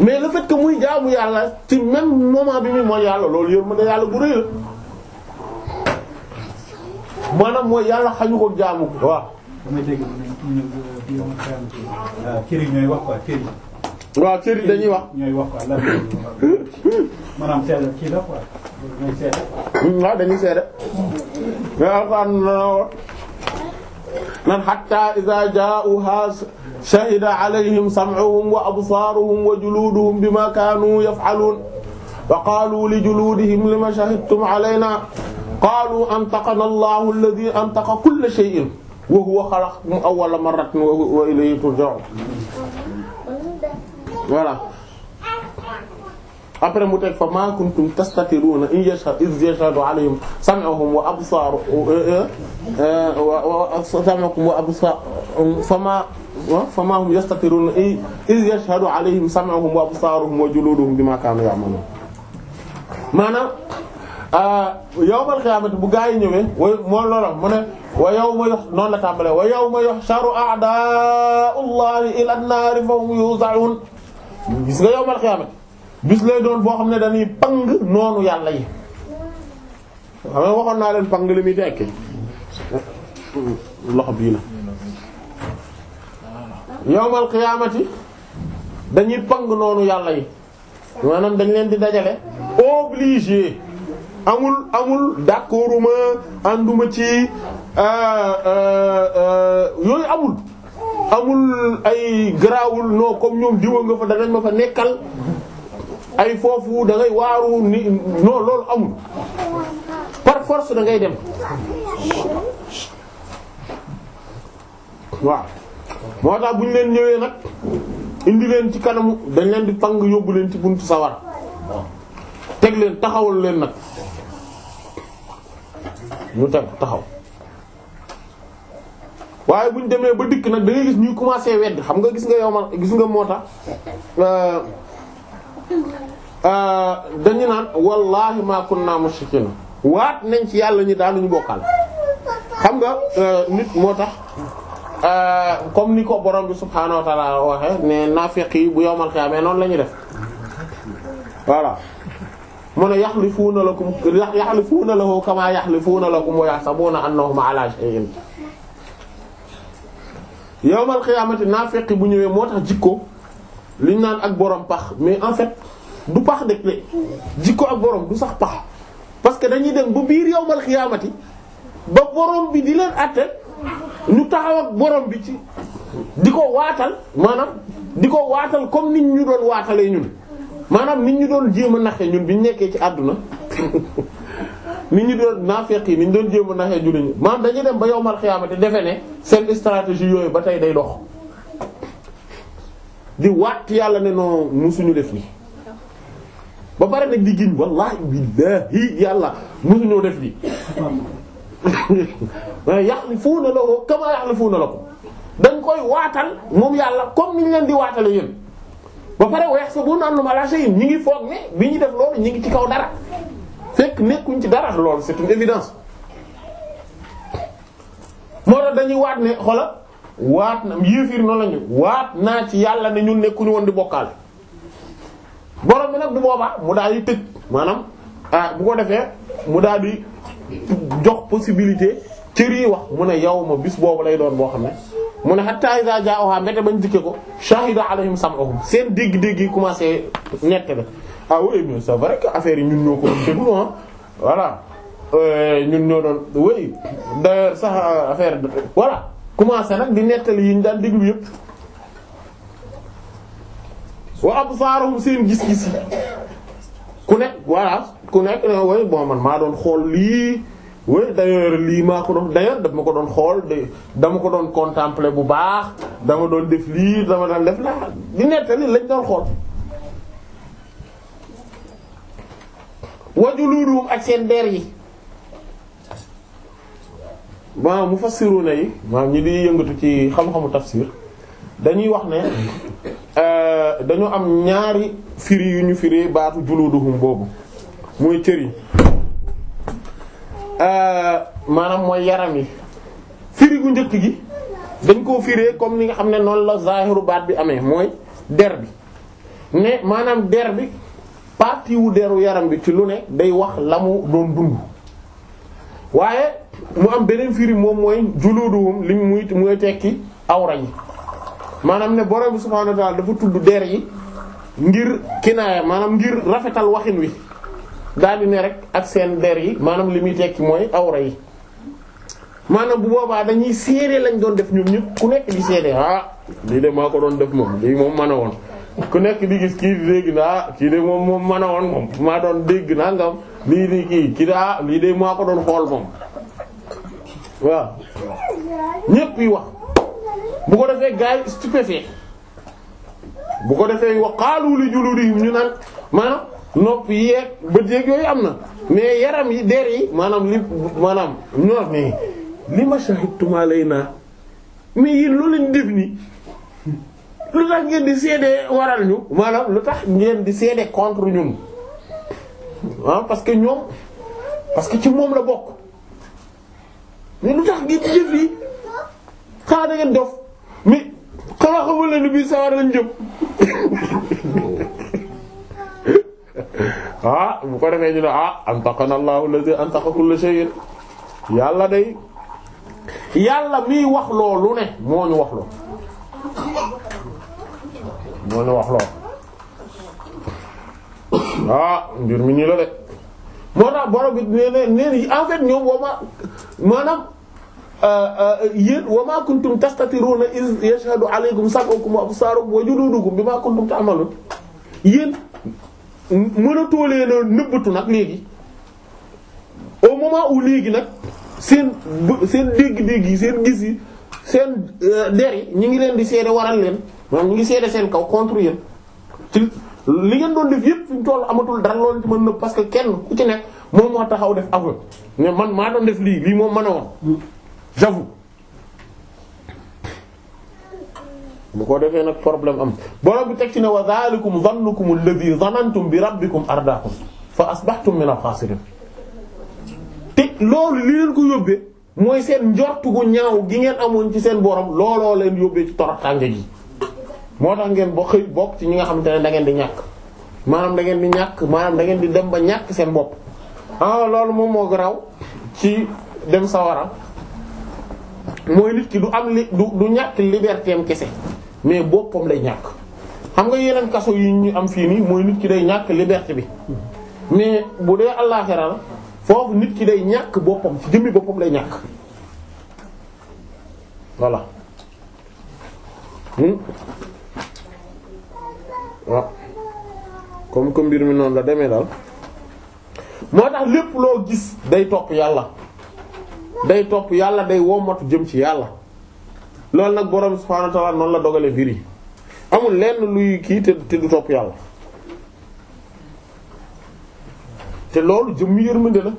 mais le fait que muy jaamu yàlla ci même moment bi muy mooy yàlla loolu yërmande yàlla bu rëy la maanaam mooy yàlla xañu ko jaamu waaw. damay dégg kër euh, euh, yi ñooy wax quoi kër yi. waaw kër yi dañuy wax. ñooy wax quoi lan maanaam seede kii la quoi ñooy seede. Hmm, waaw dañuy seede. mais alxam naan xatta iza jaa'uha shahida alayhim sam'uhum wa absaaruhum wa juluuduhum bimaa kaanuu yaf'aluun wa qaaluu li juluudihim lima shahidtum alaynaa qaaluu antaqanaa allaahu alladhii antaqa kulla shay'in wa huwa khalaqakum awwala marratin wa ilayhi turja'uun voilà après mu teg fa maa kuntum tastatiruuna in yashhadu iz yashhadu alayhim sam'uhum wa absaaruhum eh, eh, eh, wa sam'uhum wa absaaruhum fa maa hum yastatiruuna iz yashhadu alayhim sam'uhum wa absaaruhum wa juluuduhum bimaa kaanu ya'maluun maanaam yawmal qiyaamati bu gaa yi ñëwee way moo loola mu ne wa yawma yox noonu la tàmbalee wa yawma yuhsharu a'daa'ullaahi ilaa naari fa hum yuuza'uun gis nga yawmal qiyaamati bis lay doon boo xam ne dañuy pang noonu yàlla yi xam nga waxoon naa leen pang li muy tekki loxo bii la yowmal qiyaamati dañuy pang noonu yàlla yi maanaam dañ leen di dajale obligé amul amul d'accorduma ànduma ci euh, euh, euh, yooyu amul amul ay garaawul non comme ñoom diwa fa danañ ma fa nekkal ay foofu dangay ngay waaru ni non loolu amul par force da ngay dem waaw moo tax bu ñu leen ñëwee nag indi leen ci kanamu dañ leen di tàng yóbbu leen ci buntu sawar teg leen taxawal leen nag ñu teg taxaw waaye bu ñu demee ba dikk nag da ngay gis ñuy commencé wedd xam nga gis nga yow ma gis nga moo tax euh, euh, dañu naan wallahi ma kunna mushrikin waat nañ ci yàlla ñi daanuñu bokkal xam nga euh, nit moo tax. Euh, comme ni ko borom bi subhaanahu wa ta'ala waxe ne naafiq yi bu yowmal xiyaamee noonu la ñuy def voilà mu ne yaxlifuuna lakum yaxlifuuna lahu kamaa yaxlifuuna lakum wa yaxsabuuna annahum alaa shay'in yowmal xiyaamati naafiq bu ñëwee moo tax jikko liñ naan ak borom pax mais en fait du pax de clé jikko ak borom du sax pax parce que dañuy dem ba biir yowmal xiyaamati ba borom bi di leen àtte ñu taxaw ak borom bi ci di ko waatal maanaam di ko waatal comme nit ñu doon waatalee ñun maanaam nit ñu doon jéem a naxe ñun bi ñu nekkee ci àdduna nit ñu doon naafeq yi nit ñu doon jéem a naxee jullit ñi dañuy dem ba yowmal xiyaamati defe ne seen stratégie yooyu ba tey day dox di waat yàlla ne noo musuñu def nii ba pare nag di giñ wallahi billahi yàlla musuñoo def nii Eh, yaxlifuuna lahu kamaa yaxlifuuna lakum dañ koy waatal moom yàlla comme niñ leen di waatale yéen ba pare wa yaxsabuuna annahum alaa shay'in ñi ngi foog ne bi ñu def loolu ñi ngi ci kaw dara fekk nekkuñ ci dara loolu c'est une évidence moo tax dañuy waat ne xola waat na yéefir noonu lañu waat naa ci yàlla ne ñun nekkuñu woon di bokkaale borom bi nag bu boobaa mu daal di tëj maanaam ah bu ko defee mu daal di jox possibilité cër yi wax mu ne yow ma bis boobu lay doon boo xam ne mu ne hatta iza ja'uha mbete bañ dikke ko shahida alayhim sam'uhum seen dégg-dégg yi commencé nette la ah oui yi ñun ñoo ko doon déglu euh, ñoo doon oui euh, affaire voilà commencé nag di nettali yi ñu daan déglu yépp wa absaaruhum seen gis-gis ku nekk voilà ku ne woy bon man maa doon xool lii oui d'ailleurs lii maa ko doon d'ailleurs dama ko doon xool dama ko doon contempler bu baax dama doon def lii dama doon def laa di nettali lañ doon xool. wajuluduhum ak seen der yi maanaam mufassiruna yi maanaam ñi di yëngatu ci xam-xamu tafsir dañuy wax ne euh, dañu am ñaari firi yu ñu firi baatu juluduhum boobu mooy cër yi. Euh, maanaam mooy yaram yi firi gu njëkk gi dañ koo firee comme ni nga xam ne noonu la zahiru baat bi amee mooy der bi ne maanaam der bi partie deru yaram bi ci lu ne day wax la mu doon dund waaye mu am beneen firi moom mooy juluduhum li muy muy tekki awra yi maanaam ne borom subhaanahu wa ta'aala dafa tudd der yi ngir kinaaya maanaam ngir rafetal waxin wi daal di ne rek ak seen der yi maanaam li muy tekki mooy awra yi maanaam bu boobaa dañuy seede lañ doon def ñoom ñëpp ku nekk di seede ah lii de maa ko doon def moom lii moom mën a woon ku nekk di gis kii kii de moom moom mën a moom maa doon dégg naa nga lii di kii kii ah lii de maa ko doon xool moom waaw ñëpp yi wax bu ko defee gars yi stupéfait bu ko defee wa qaalu li juludihim ñu naan maanaam. nopp yeeg bët yeeg yooyu am na mais yaram yi der yi maanaam li maanaam ñor nii li ma shahidtuma lay naa mais yéen loolu lañ def nii lu tax ngeen di seede waral ñu maanaam lu tax ngeen di seede contre ñun ah parce que ñoom parce que ci moom la bokk mais lu tax ngeen di jëf yi xanaa da dof mais xanaa xamal leen bi sawar lañ jëm ah bu ko defee ñu ne ah antaqana Allahu day yàlla miy wax loolu ne moo ñu wax loo moo ñu wax loo ah mbir mi nii la moo tax borom bi nee na nee en fait ñoom wama euh, euh, kuntum tastatiruna iz yashhadu alaykum sam'ukum wa absarukum wa juludukum bima kuntum ta'malun mën a leen a nëbbatu nag léegi au moment où léegi nag seen seen dégg-dégg yi seen gis yi seen euh, der yi ñu ngi leen di seede waral leen moom ñi ngi seede seen kaw contre yéen li ngeen doon def yëpp fi mu amatul dara loolu ci mën na parce que kenn ku ci nekk moom moo taxaw def aveu mais man maa doon def lii lii moom mën a woon mm. j'avoue mu ko defee nag problème am borom bi teg ci ne wa zalikum zannukum alladhi zanantum bi rabbikum ardaakum fa asbahtum min al-khasirin te loolu li leen ko yóbbee mooy seen njortu gu ñaaw gi ngeen amoon ci seen borom looloo leen yóbbee ci toroxtaange gi moo tax ngeen ba xëy bokk ci ñi nga xamante ne dangeen di ñàkk maanaam da ngeen di ñàkk maanaam da ngeen di dem ba ñàkk seen bopp ah loolu moom moo raw ci dem sawara mooy nit ki du am li du du ñàkk mais boppam lay ñàkk xam nga yeneen kaso yi ñu am fii nii mooy nit ki day ñàkk liberté bi mais bu dee àllaaxira foofu nit ki day ñàkk boppam ci jëmmi boppam lay ñàkk voilà waaw hmm? comme mbir mi noonu la demee daal moo tax lépp loo gis day topp yàlla day topp yàlla day womatu jëm ci yàlla loolu nag borom subhaanahu wa ta'aala noonu la dogale mbir yi amul lenn luy kii te te du topp yàlla te loolu jëm yërmande la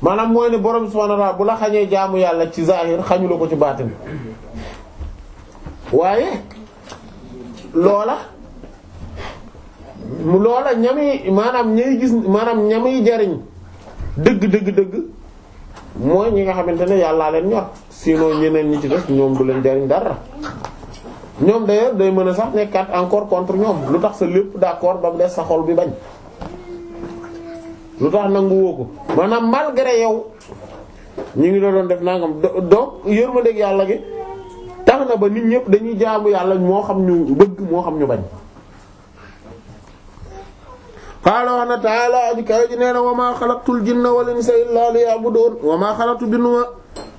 maanaam mooy ne borom subhaanahu wa bu la xañee jaamu yàlla ci zahir xañu la ko ci baatin waaye loola mu loola ñami maanaam ñay gis maanaam ñami jariñ dëgg dëgg dëgg mooy ñi nga xamante ne yàllaa leen ñor sinon ñeneen ñi ci def ñoom du leen jariñ dara ñoom d'ailleurs day mën a sax nekkaat encore contre ñoom lu tax sa lépp d'accord ba mu des sa xol bi bañ lu tax nangu woo ko maanaam malgré yow ñu ngi doon def nangam do donc yërmandeeg yàlla gi tax na ba nit ñëpp dañuy jaamu yàlla moo xam ñu bëgg moo xam ñu bañ qaala wax na taala aji kawe ji nee na wa maa wal insa illaa liya'buduun wa maa xalaqtu binnuma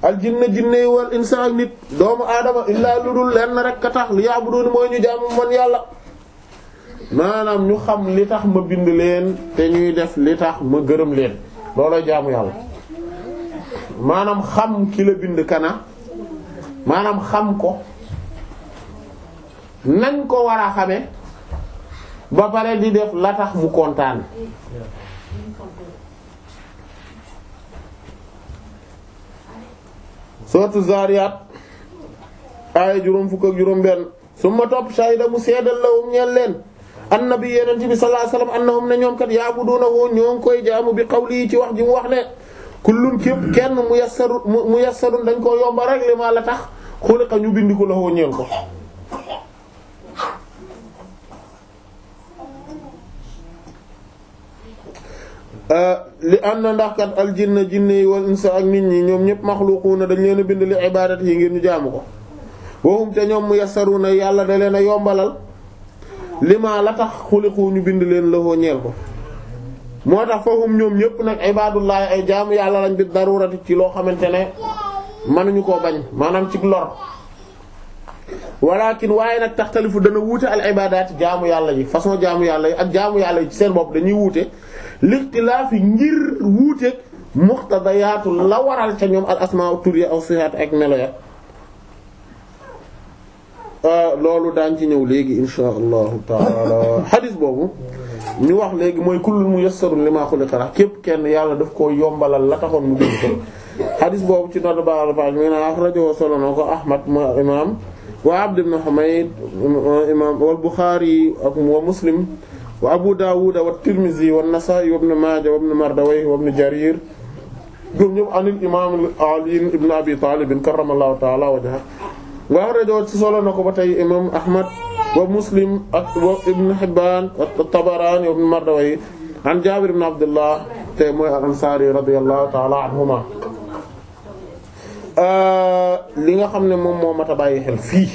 al jinna jinne wal insa ak nit doomu aadama illaa lu dul lenn rek a tax liya'buduun mooy ñu jaamu man yàlla maanaam ñu xam li tax ma bind leen te ñuy def li tax ma gërëm leen looloo jaamu yàlla maanaam xam ki la bind kana maanaam xam ko nañ ko war a xame ba pare di def la tax mu kontaan sourate Zariyat aaya juróom fukk ak juróom benn su topp shahida mu seedal lawum ñeen leen annabi yeneen ci bi sallallahu alayhi wasallam annahum ne ñoom kat yaabuduunahu ñoo ngi koy jaamu bi qawli ci wax ji mu wax ne kullun képp kenn mu yassaru mu yassarun dañ ko yomba rek li ma la tax xuliqa ñu bind ko la ñeel ko Euh, li ànd na ndax kat al jinna jinne yi wal insa nit ñi ñoom ñëpp na dañ leen a bind li ibaadat yi ngir ñu jaamu ko waxum te ñoom mu na yàlla da leen a yombalal limaa la tax xuliqu ñu bind leen lëxoo ñeel ko moo tax fahum ñoom ñëpp nag ibaadullaahi ay jaamu yàlla lañ bi darurati ci loo xamante ne mënuñu koo bañ maanaam ci lor walakin waaye nag taxtalifu dana wuute al ibaadaat jaamu yàlla yi façon jaamu yàlla yi ak jaamu yàlla yi ci seen bopp dañuy wuute lixtilaafi ngir wuuteeg muqtadayaatu la waral ca ñoom al asmaa tur ya aw ak melo ya ah, loolu daan ci ñëw léegi insha allahu taala xadis boobu ñu wax léegi mooy kullul muyassarun limaa xuliqa lahu képp kenn yàlla def ko yombalal la taxoon mu bind ko xadis boobu ci nodd baal baal mu ne ah, ko ahmad ma imam wa abd ibn humayd imam wal buxaari wa muslim wa abu daawud wa tirmizi wa nasaa'i wa ibn maaja wa ibn mardawayh wa ibn jarir ñoom ñoom anil imaam ali ibn abi taalib karramallahu ta'ala wajhahu wa rajo ci solo na ko ba tey imaam ahmad wa muslim ak wa ibn hibbaan at-tabarani wa ibn mardawayh an jaabir ibn abdullah te mooy al-ansaari radiyallahu ta'ala anhuma li nga xam ne moom moo mat a bàyyi xel fii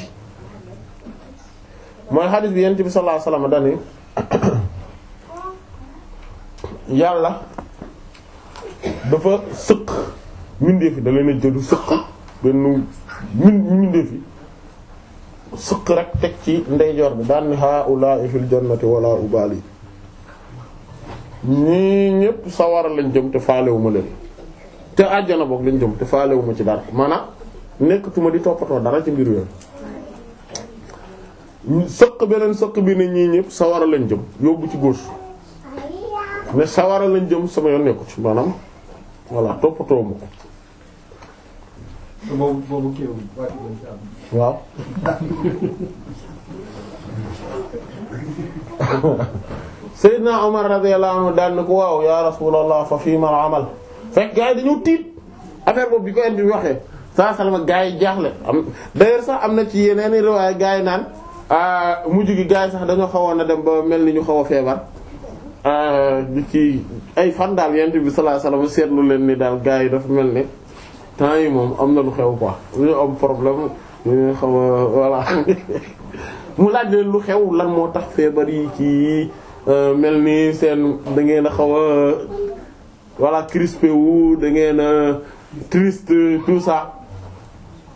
mooy xadiis bi yonent bi sallallahu alayhi wa sallam dani yàlla dafa sëq mindeef yi da leen jël sëq benn min mindeef sëq rek teg ci ndeyjoor bi daan haa'ulaa'i fil jannati wala ubaali ñii ñépp sawara lañ jëm te faalewuma leen te àjjana boog lañ jëm te faalewuma ci dara maanaam nekkatuma di toppatoo dara ci mbir yooyu sëq beneen sëq bi ne ñii ñëpp sawara lañ jëm yóbbu ci gauche mais sawara lañ jëm sama yoon nekku ci maanaam voilà toppatoo ma ko. boobu boobu kii waaw. Seydina Omar radiyallahu ni ko waaw ya rasulallah fa fii mal amal fekk gars dañu tiit affaire bi ko indi waxee saa salama gars yi jaaxle am d'ailleurs sax am na ci yeneen riwaaya gars yi naan. Ah, mujj gi gars yi sax dañoo xawoon na dem ba mel ni ñu xaw a feebar ah, ci ay fan daal yent bi sallallahu alayhi wasallam seetlu leen ni daal gars yi dafa mel ni temps yi moom am na lu xew quoi lu ñu am problème ñu xaw a voilà mu laaj leen lu xew lan moo tax feebar yi ci euh, mel ni seen dangeen ngeen a xaw a voilà crispé wu da a triste tout ça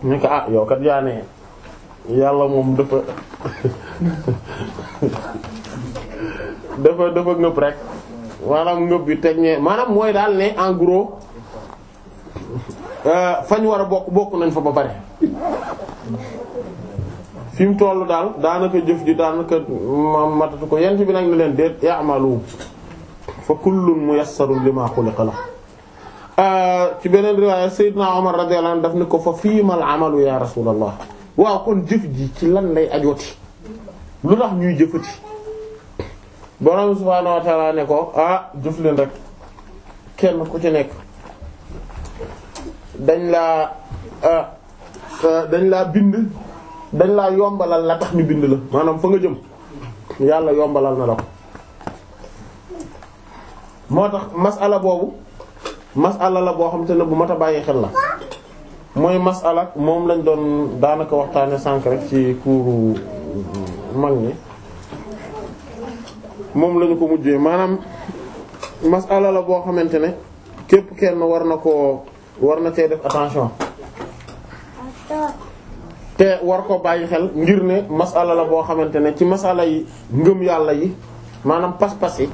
ñu ko ah yow kat yaa ne yàlla moom dafa dafa dafa ngëb rek maanaam ngëb bi teg maanaam mooy daal ne en gros euh, fañ war a bokk bokk nañ fa ba pare fi mu toll daal daanaka jëf ji daanaka matatu ko yent bi nag ne leen déet ya'malu fa kullun muyassarun lima xuliqa la euh, ci beneen riwaaya Seydina Omar radiyallahu anhu daf ne ko fa fiimal amalu ya rasulallah waaw kon jëf ji ci lan lay ajooti lu tax ñuy jëfati borom subhaanahu wa ta'aala ne ko ah jëf leen rek kenn ku ci nekk dañ laa ah, ah, dañ laa bind dañ laa yombalal la tax ñu bind la maanaam fa nga jëm yàlla yombalal na la ko moo tax masala boobu masala la boo xam te ne bu mat a bàyyi xel la mooy masala moom lañ doon daanaka waxtaane sànq rek ci kuuru mag ñi moom lañu ko mujjee maanaam masala la boo xamante ne képp kenn war na koo war na cee def attention te war ko bàyyi xel ngir ne masala la boo xamante ne ci masala yi ngëm yàlla yi maanaam pas-pas yi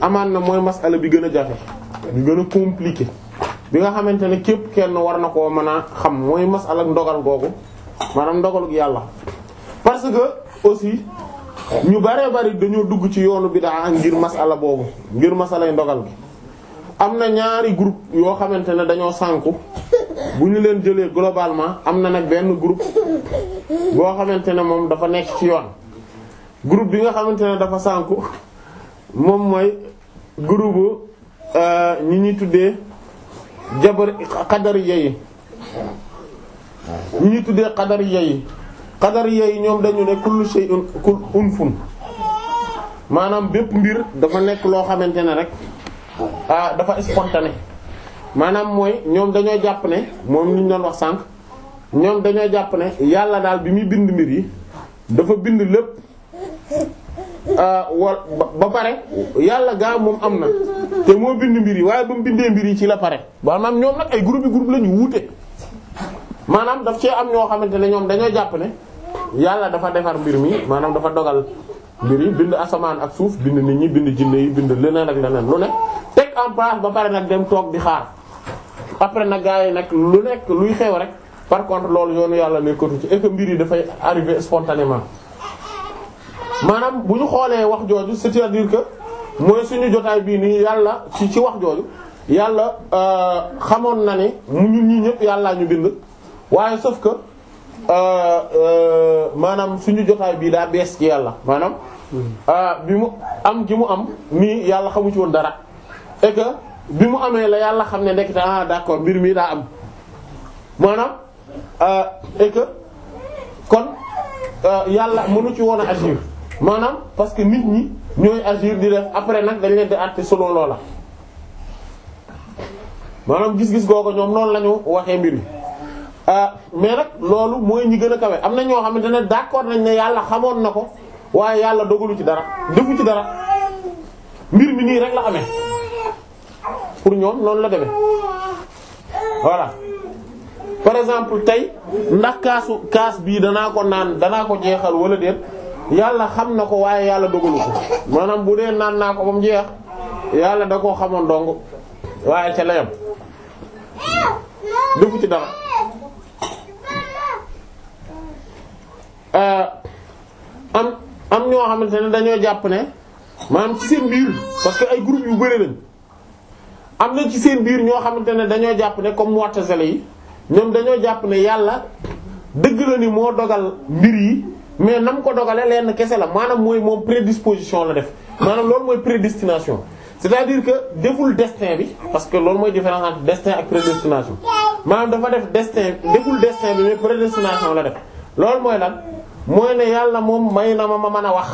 amaan na mooy masala bi gën a jafe bi gën a compliqué bi nga xamante ne képp kenn war na koo mën a xam mooy masala ak ndogal googu maanaam ndogalug yàlla parce que aussi ñu baree bari dañoo dugg ci yoonu daa ngir masala boobu ngir masalay ndogal bi am na ñaari groupe yoo xamante ne dañoo sànku bu ñu leen jëlee globalement am na nag benn groupe boo xamante ne moom dafa nekk ci yoon groupe bi nga xamante ne dafa sànku moom mooy groupe euh, ñi ñuy tuddee jabar xadariya yi ñu ñuy tuddee xadariya yi xadariya yi ñoom dañu ne kullu shay'un unfun maanaam bépp mbir dafa nekk loo xamante ne rek ah, dafa spontané maanaam mooy ñoom dañoo jàpp ne moom li ñu doon wax sànq ñoom dañoo jàpp ne yàlla daal bi muy bind mbir yi dafa bind lépp Ah, wa ba pare yàlla gaa moom am na te moo bind mbir yi waaye ba mu bindee mbir yi ci la pare maanaam ñoom nag ay groupe yi groupe la ñu wuute maanaam daf cee am ñoo xamante ne ñoom dañoo jàpp ne yàlla dafa defar mbir mi maanaam dafa dogal mbir yi bind asamaan ak suuf bind nit ñi bind jinne yi bind leneen ak leneen lu ne teg en place ba pare nag dem toog di xaar après na gaa yi nag lu nekk luy xew rek par contre loolu yoonu yàlla nekkatu ci et que mbir yi dafay arriver spontanément maanaam bu ñu xoolee wax jooju cest à que mooy suñu jotaay bii nii yàlla ci ci wax jooju yàlla euh, xamoon na ne mu ñun ñii ñëpp yàlla ñu bind waaye sauf que euh, euh, maanaam suñu jotaay bii daa bees ci yàlla maanaam mm-hmm. bi mu am mu yàlla xamu woon dara bi mu amee la yàlla xam ne ndekete ah d'accord mbir mii daa am maanaam kon yàlla mënu ci woon a agir maanaam parce que nit ñi ñooy agir di def après nag dañ leen di àtte solo loola maanaam gis-gis googu ñoom noonu lañu ñu waxee mbir mi ah, mais nag loolu mooy ñi gën a kawe am na ñoo xamante ne d'accord nañ ne yàlla xamoon na ko waaye yàlla dogalu ci dara defu ci dara mbir mi nii rek la amee pour ñoom noonu la deme voilà par exemple tey ndax kaasu kaas bii danaa ko naan danaa ko jeexal wala déet. yàlla xam na ko waaye yàlla dogalu ko maanaam bu dee naan naa ko ba mu jeex yàlla da koo xamoon dong waaye ca layam defu ci dara euh, am am ñoo xamante ne dañoo jàpp ne maanaam ci seen biir parce que ay groupe yu bari lañ am na ci seen biir ñoo xamante ne dañoo jàpp ne comme Mu'tazila yi ñoom dañoo jàpp ne yàlla dëgg na ni moo dogal mbir yi mais nam ko dogale lenn kese la maanaam mooy moom prédisposition la def maanaam loolu mooy prédestination c'est-à-dire que deful destin bi parce que loolu mooy différence entre destin ak prédestination maanaam dafa def destin deful destin bi mais prédestination la def loolu mooy lan mooy ne yàlla moom may na ma ma man a wax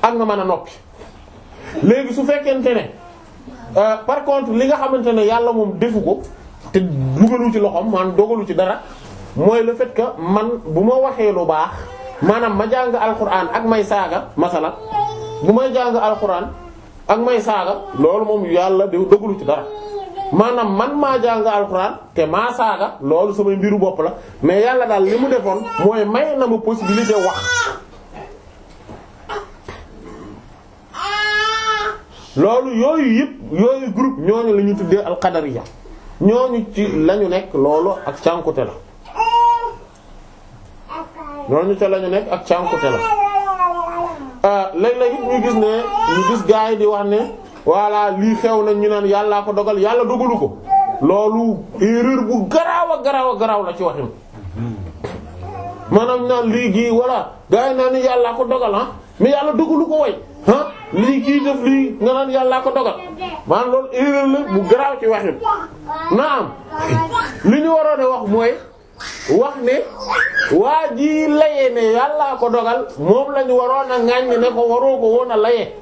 ak nga mën a noppi léegi su fekkente ne euh, par contre li nga xamante ne yàlla moom defu ko te dugalu ci loxoom man dogalu ci dara mooy le fait que man bu ma waxee lu baax. maanaam ma jàng alxuraan ak may saaga masala bu may jàng alxuraan ak may saaga loolu moom yàlla de dëggulu ci dara maanaam man maa jàng alxuraan te maa saaga loolu samay mbiru bopp la mais yàlla daal li mu defoon mooy may na ma possibilité wax loolu yooyu yëpp yooyu groupe ñooñu la ñu tuddee alqadariya ñooñu ci la nekk loolu ak cànkute la ñooñu ca ñu nekk ak cànkute la ah, léeg-léeg it ñu gis ne ñu gis gaay di wax ne voilà lii xew na ñu naan yàllaa ko dogal yàlla dogalu ko loolu erreur bu garaaw a garaaw garaaw la ci waxin maanaam naan lii gii voilà gaay naa ni yàllaa ko dogal ah mais yàlla dogalu ko way ah lii kii def lii nga naan yàllaa ko dogal maanaam loolu erreur la bu garaaw ci waxin naam li ñu waroon a wax mooy. wax ne waa ji laye ne yàllaa ko dogal moom lañu waroon a ŋaññi ne ko waroo ko woon a laye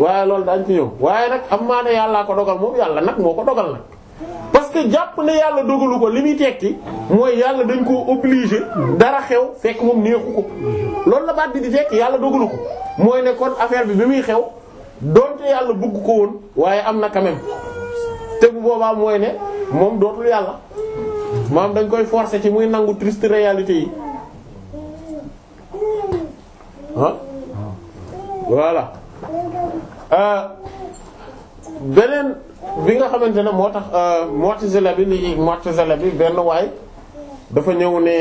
waaye loolu daañ ci ñëw waaye nag am maa ne yàllaa ko dogal moom yàlla nag moo ko dogal nag parce que jàpp ne yàlla dogalu ko li muy tekki mooy yàlla dañ ko obligé dara xew fekk moom neexu ko loolu la baat di tekki yàlla dogalu ko mooy ne kon affaire bi ba muy xew doonte yàlla bugg ko woon waaye am na quand te bu boobaa mooy ne moom dootul yàlla maanaam dañ koy forcer ci muy nangu triste réalité yi ah voilà euh, beneen bi nga xamante ne moo tax euh, Mu'tazila bi li Mu'tazila bi benn waay dafa ñëw ne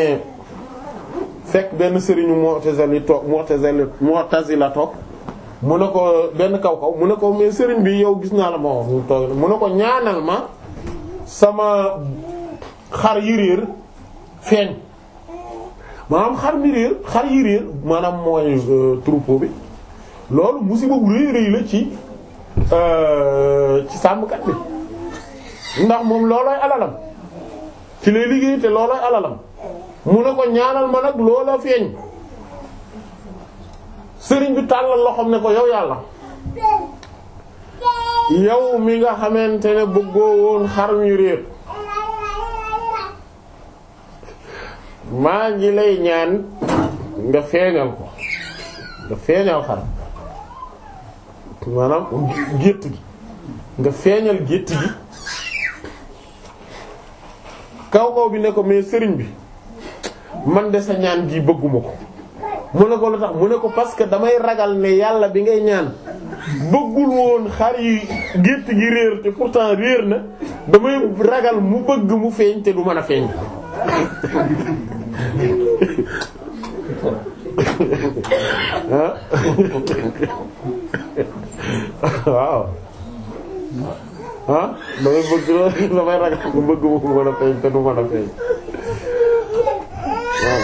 fekk benn sëriñu Mu'tazila toog Mu'tazila Mu'tazila toog mu ne ko benn kaw kaw mu ne ko mais sëriñ bi yow gis naa la moo mu toog mu ne ko ñaanal ma sama xar yi feeñ maanaam xar mi réer xar yi réer maanaam mooy euh, troupeau bi loolu musiba bu rëy rëy la ci euh, ci sàmmkat bi ndax moom loolooy alalam ci lay liggéey te loolooy alalam mu ne ko ñaanal manag nag loola feeñ sëriñ bi tàllal loxoom ne ko yow yàlla yow mi nga xamante ne bëggoo woon xar mi réer maa ngi lay ñaan nga feeñal ko nga feeñal xar maanaam gétt gi nga feeñal gétt gi kaw kaw bi ne ko mais sëriñ bi man de sa ñaan gi bëgguma ko mu ne ko lu tax mu ne ko parce que damay ragal ne yàlla bi ngay ñaan bëggul woon xar yi gétt gi réer te pourtant réer na damay ragal mu bëgg mu feeñ te du mën a feeñ waaw ah damay bëgg loolu damay ragal ko bëgg mu mën a feeñ te du mën a feeñ waaw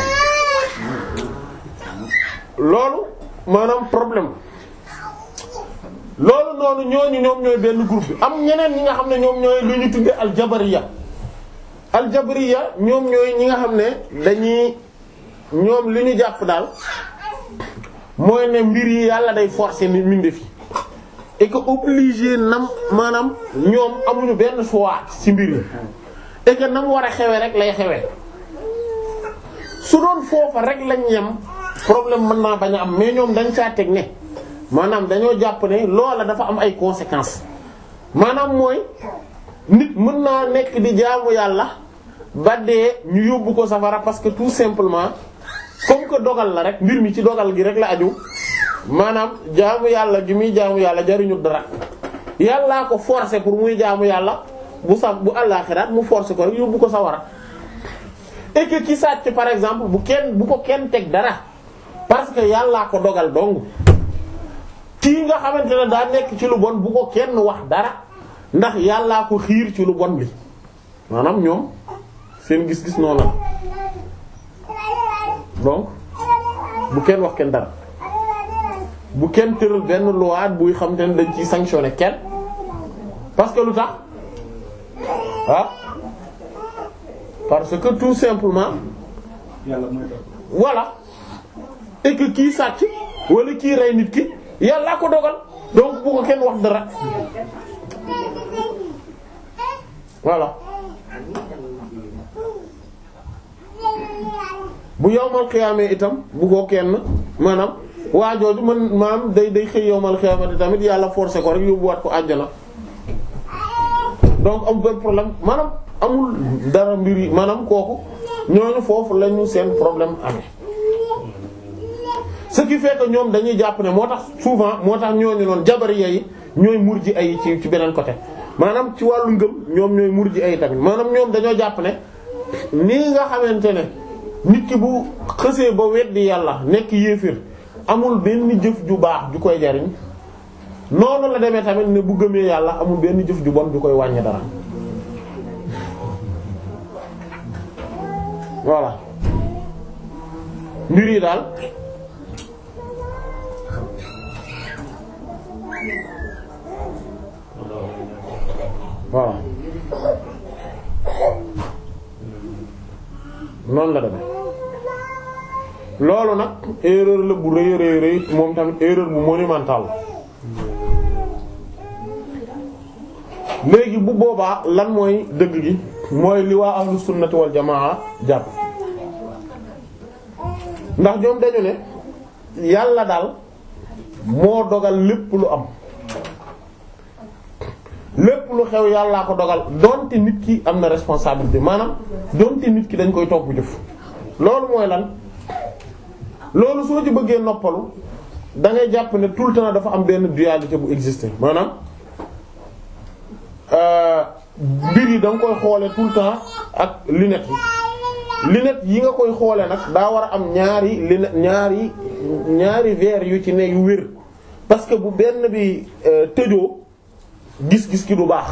loolu maanaam problème loolu noonu ñooñu ñoom ñooy benn groupe bi am ñeneen ñi nga xam ne ñoom ñooy lu ñu tuddee aljabariya aljabriya ñoom ñooy ñi nga xam ne dañuy ñoom li ñu jàpp daal mooy ne mbir yi yàlla day forcer nit mindeef yi et que obligé nam maanaam ñoom amuñu benn choix ci mbir yi et que nam war a xewe rek lay xewe su doon foofa rek lañ yem problème mën naa bañ am mais ñoom dañ caa teg ne maanaam dañoo jàpp ne loola dafa am ay conséquences maanaam mooy nit mën naa nekk di jaamu yàlla ba dee ñu yóbbu ko safara parce que tout simplement comme que dogal la rek mbir mi ci dogal gi rek la aju maanaam jaamu yàlla gi muy jaamu yàlla jariñu dara yàllaa ko forcer pour muy jaamu yàlla bu saf bu àllaaxiraat mu forcer ko rek yóbbu ko safara et ci ki sàcc par exemple bu kenn bu ko kenn teg dara parce que yàllaa ko dogal dong kii nga xamante ne daa nekk ci lu bon bu ko kenn wax dara ndax yàllaa ko xiir ci lu bon li maanaam ñoom seen gis-gis noonu la donc bu kenn wax kenn dara bu kenn tëral benn loi buy xam te ne ci ciy sanctionner kenn parce que lu tax ah parce que tout simplement yàlla mooy voilà et sàcc wala kii rey nit ki yàlla ko dogal donc bu ko kenn wax dara voilà. bu yowmal xiyaamee itam bu ko kenn maanaam waa jooju man maam day day xëy yowmal xiyaamati tamit yàlla forcé ko rek waat ko àjjana donc am benn problème maanaam amul dara mbir yi maanaam kooku ñooñu foofu lañu seen problème amee ce qui fait ñoom dañuy jàpp ne moo tax souvent moo tax ñooñu noonu jabari yi ñooy ji ay ci ci beneen côté maanaam ci wàllu ngëm ñoom ñooy ji ay tamit maanaam ñoom dañoo jàpp ne nii nga xamante ne. nit ki bu xësee ba weddi yàlla nekk yéefir amul benn jëf ju baax ju koy jariñ noonu la demee tamit ne bu gëmee yàlla amul benn jëf ju bon ju koy wàññi dara voilà mbir yi daal voilà noonu la demee loolu nag erreur la bu rëy rëy rëy moom tamit erreur bu monumentale léegi bu boobaa lan mooy dëgg gi mooy li waa ahlu sunnati jamaa jar ndax ñoom dañu ne yàlla daal moo dogal lépp lu am lépp lu xew yàllaa ko dogal donte nit ki am na responsabilité maanaam donte nit ki dañ koy topp jëf loolu mooy lan loolu soo ci bëggee noppalu dangay ngay jàpp ne tout le temps dafa am benn dualité bu exister maanaam euh, mbir yi da nga koy xoole tout le temps ak lunette yi lunette yi nga koy xoole nag daa war a am ñaari lunette ñaari ñaari verre yu ci ne yu wér parce que bu benn bi euh, tëjoo gis-gis ki du baax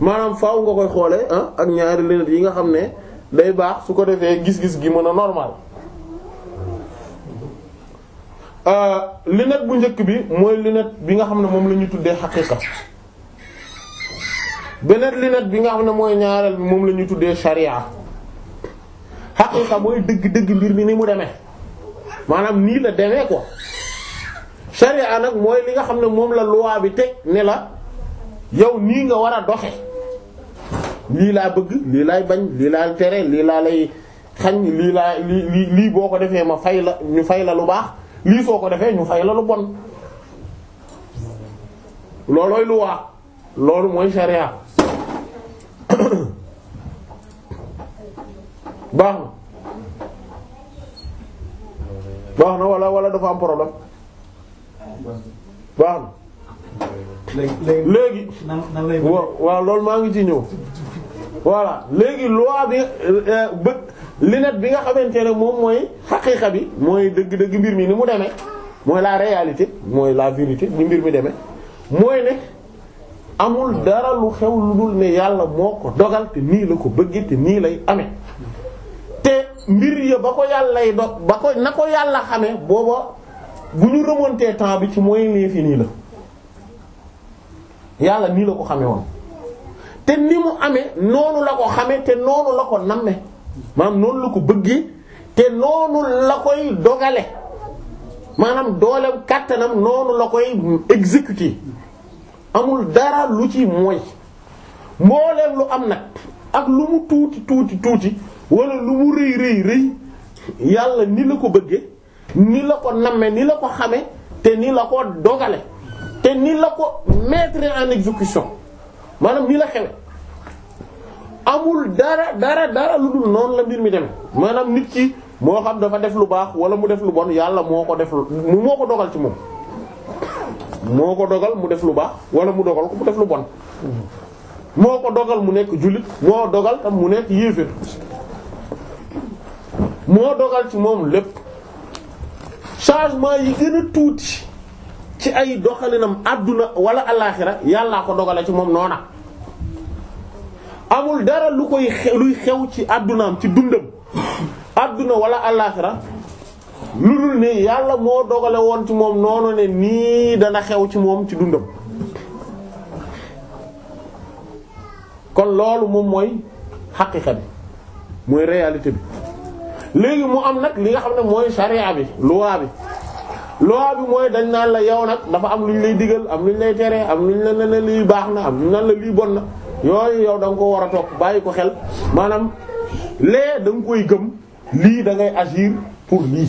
maanaam faw nga koy xoole ah ak ñaari lunette yi nga xam ne day baax su ko defee gis-gis gi mën a normal Euh, lunette bu njëkk bi mooy lunette bi nga xam ne moom la ñu tuddee xaqiqa beneen lunette bi nga xam ne mooy ñaareel bi moom la ñu tuddee sharia xaqiqa mooy dëgg-dëgg mbir mi ni mu demee maanaam nii la demee ko sharia nag mooy li nga xam ne moom la loi bi teg ne la yow nii nga war a doxe lii laa bëgg lii laay bañ lii laa tere lii laa lay xañ lii laa lii lii boo ko defee ma fay la ñu fay la lu baax lii soo ko defee ñu fay la lu bon loolooy lu loolu mooy sharia baax na baax na wala wala dafa am problème baax na léegi waaw loolu maa ngi ci ñëw voilà léegi loi bi euh, euh, bët lunette bi nga xamante ne moom mooy xaqiiqa bi mooy dëgg-dëgg mbir mi ni mu demee mooy la réalité mooy la vérité ni mbir mi demee mooy ne amul dara lu xew lu dul ne yàlla moo ko dogal te nii la ko bëgg te nii lay amee te mbir ya ba ko yàllay do ba ko na ko yàlla xamee booba bu ñu remonté temps bi ci mooy nii la yàlla nii la ko xamee woon te ni mu amee noonu la ko xamee te noonu la ko nammee maanaam noonu la ko bëggee te noonu la koy dogale maanaam dooleem kàttanam noonu la koy exécuter amul dara lu ci mooy mbooleem lu am nag ak lu mu tuuti tuuti tuuti wala lu mu rëy rëy rëy yàlla ni la ko bëggee ni la ko nammee ni la ko xamee te ni la ko dogale te ni la ko mettre en exécution maanaam nii la xew amul dara dara dara lu dul noonu la mbir mi dem maanaam nit ki moo xam dafa def lu baax wala mu def lu bon yàlla moo ko def lu moo ko dogal ci moom moo ko dogal mu def lu baax wala mu dogal mu def lu bon moo ko dogal mu nekk jullit moo dogal tam mu nekk yéeféer moo dogal ci lépp changement yi gën a tuuti ci ay doxalinam àdduna wala alaaxira yàllaa ko dogale ci moom noona amul dara lu koy luy xew ci àddunaam ci dundam àdduna wala àllaaxira lu dul yàlla moo dogale woon moom noonu ne nii dana xew ci moom ci dundam kon loolu moom mooy xaqiqa mooy réalité bi léegi mu am nag li nga xam ne mooy charia bi luwaa bi loi bi mooy dañ naan la yow nag dafa am lu ñu lay digal am lu ñu lay tere am lu ñu la ne lii baax na am lu ñu naan la lii bon na yooyu yow da nga ko war a topp bàyyi ko xel maanaam lee da koy gëm lii dangay ngay agir pour lii.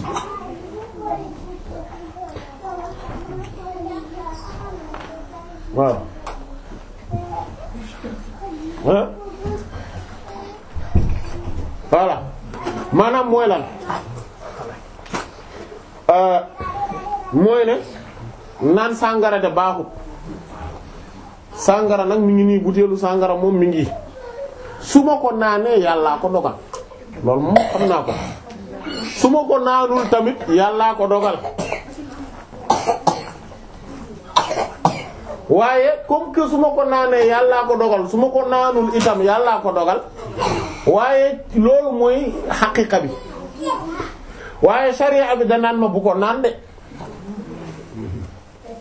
waaw ah voilà maanaam mooy lan euh, mooy ne naan sàngara de baaxut. sàngara nag mi ngi nii butéelu sàngara moom mi ngi su ma ko naanee yàllaa ko dogal loolu moom xam naa ko su ma ko naanul tamit yàllaa ko dogal waaye comme que su ma ko naanee yàllaa ko dogal su ma ko naanul itam yàllaa ko dogal waaye loolu mooy xaqiqa bi waaye sharia bi danaan ma bu ko naan de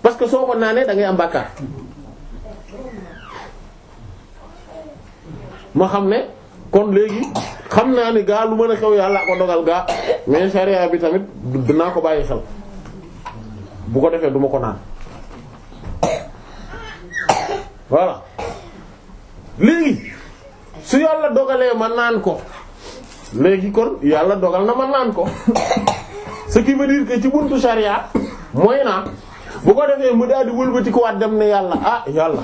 parce que soo ko naanee da ngay am bàkkaar ma xam ne kon léegi xam naa ne gaa lu mën a xew yàlla ko dogal gaa mais charia bi tamit naa ko bàyyi xel bu ko defee duma ko naan voilà léegi su yàlla dogalee ma naan ko léegi kon yàlla dogal na ma naan ko ce qui veut dire que ci buntu charia mooy naa bu ko defee mu daal di wëlbatikuwaat dem ne yàlla ah yàlla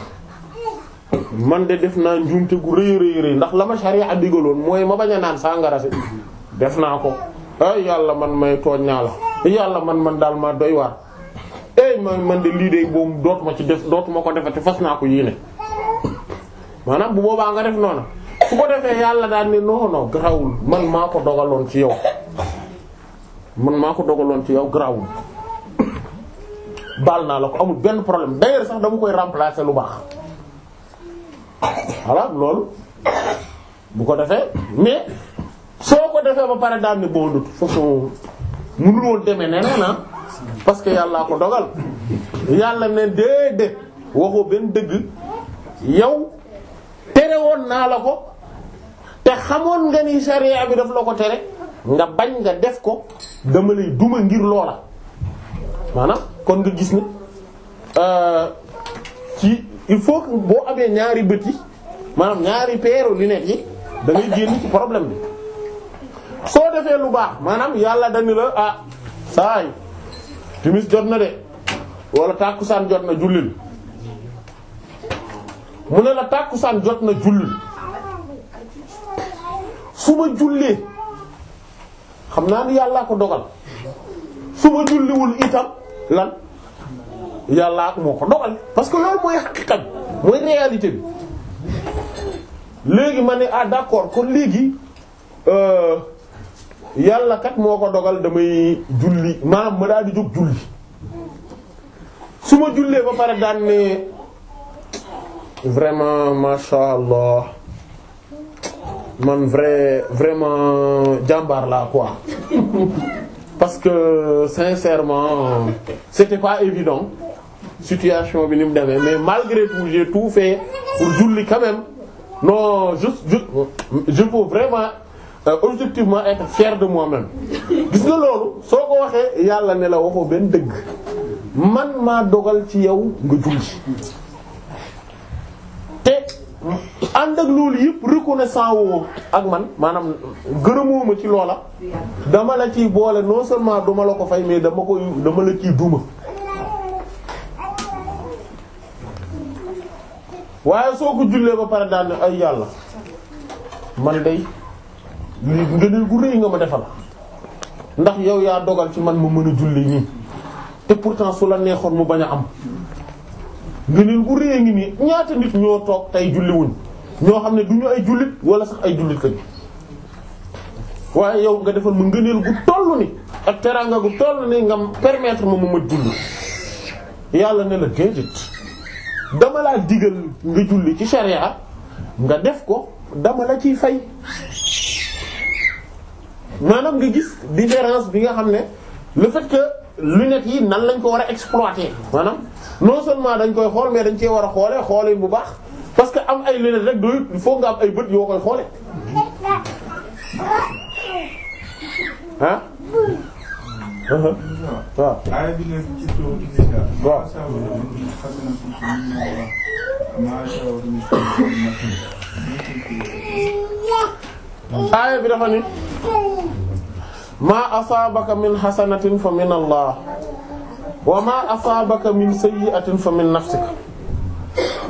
man de def naa njuumte gu rëy rëy rëy ndax la ma sharia digaloon mooy ma bañ a naan sàngara si def naa ko ay yàlla man may tooñ naa la yàlla man man daal ma doy waar ey eh man de lii de boobu dootuma ci def dootuma ko defati fas naa ko yéene maanaam bu boobaa nga def noonu su ko defee yàlla daal ne non non man maa ko dogaloon ci yow man maa ko dogaloon ci yow garaawul baal naa la ko amul benn problème d'ailleurs sax dama koy remplacer lu baax. voilà loolu bu ko defee mais soo ko defee ba pare daal ne boo dut façon mënul woon demee ne ah parce que yàllaa ko dogal yàlla ne déedéet waxoo benn dëgg yow tere woon naa la ko te xamoon nga ni sariya bi daf la ko tere nga bañ nga def ko dama lay duma ngir loola maanaam kon nga gis ne euh, ci il faut boo amee ñaari bët yi maanaam ñaari peeru lunettes yi da ngay génn ci problème bi soo defee lu baax maanaam yàlla dañu la ah saay timis jot na de wala tàkkusaan jot na jullil mu ne la tàkkusaan jot na jullil su ma jullee xam naa ni yàllaa ko dogal su ma julliwul itam lan yàlla moo ko dogal parce que loolu mooy xaqiqa bi mooy réalité bi léegi ma ne ah d'accord kon léegi euh, yàlla kat moo ko dogal damay julli maanaam ma daal di jóg julli su ma jullee ba pare daan ne vraiment masha Allah man vrai vraiment jàmbaar laa quoi parce que sincèrement c'était pas évident situation bi ni mu demee mais malgré tout j'ai tout fait pour julli quand même non je je je veux vraiment euh, objectivement être fier de moi-même gis nga loolu soo ko waxee yàlla ne la waxoo benn dëgg man maa dogal ci yow nga julli te ànd ak loolu yëpp reconnaissant woo ak man maanaam gërëmoo ma ci loola dama la ci boole non seulement duma la ko fay mais dama koy dama la ci duma waaye soo ko jullee ba pare daal ay yàlla man day lii ngëneel gu rëy nga ma defal ndax yow yaa dogal ci man ma mën a julli nii te pourtant su la neexoon mu bañ a am ngëneel gu rëy ngi nii ñaata nit ñoo toog tey julliwuñ ñoo xam ne du ñu ay jullit wala sax ay jullit kañ waaye yow nga defal ma ngëneel gu toll ni ak teraanga gu toll ni nga permettre ma ma ma julli yàlla ne la déedéet dama laa digal nga julli ci sharia nga def ko dama la ciy fay maanaam nga gis différence bi nga xam ne le fait que lunettes yi nan lañ ko war a exploiter maanaam non seulement dañ koy xool mais dañ cee war a xoolee xooleen bu baax parce que am ay lunettes rek doyut il nga am ay bët yoo koy xoole waaw aaya bi dafa ni maa asaabaka min xasanatin fa min allah wa maa asaabaka min sayyi'atin fa min nafsik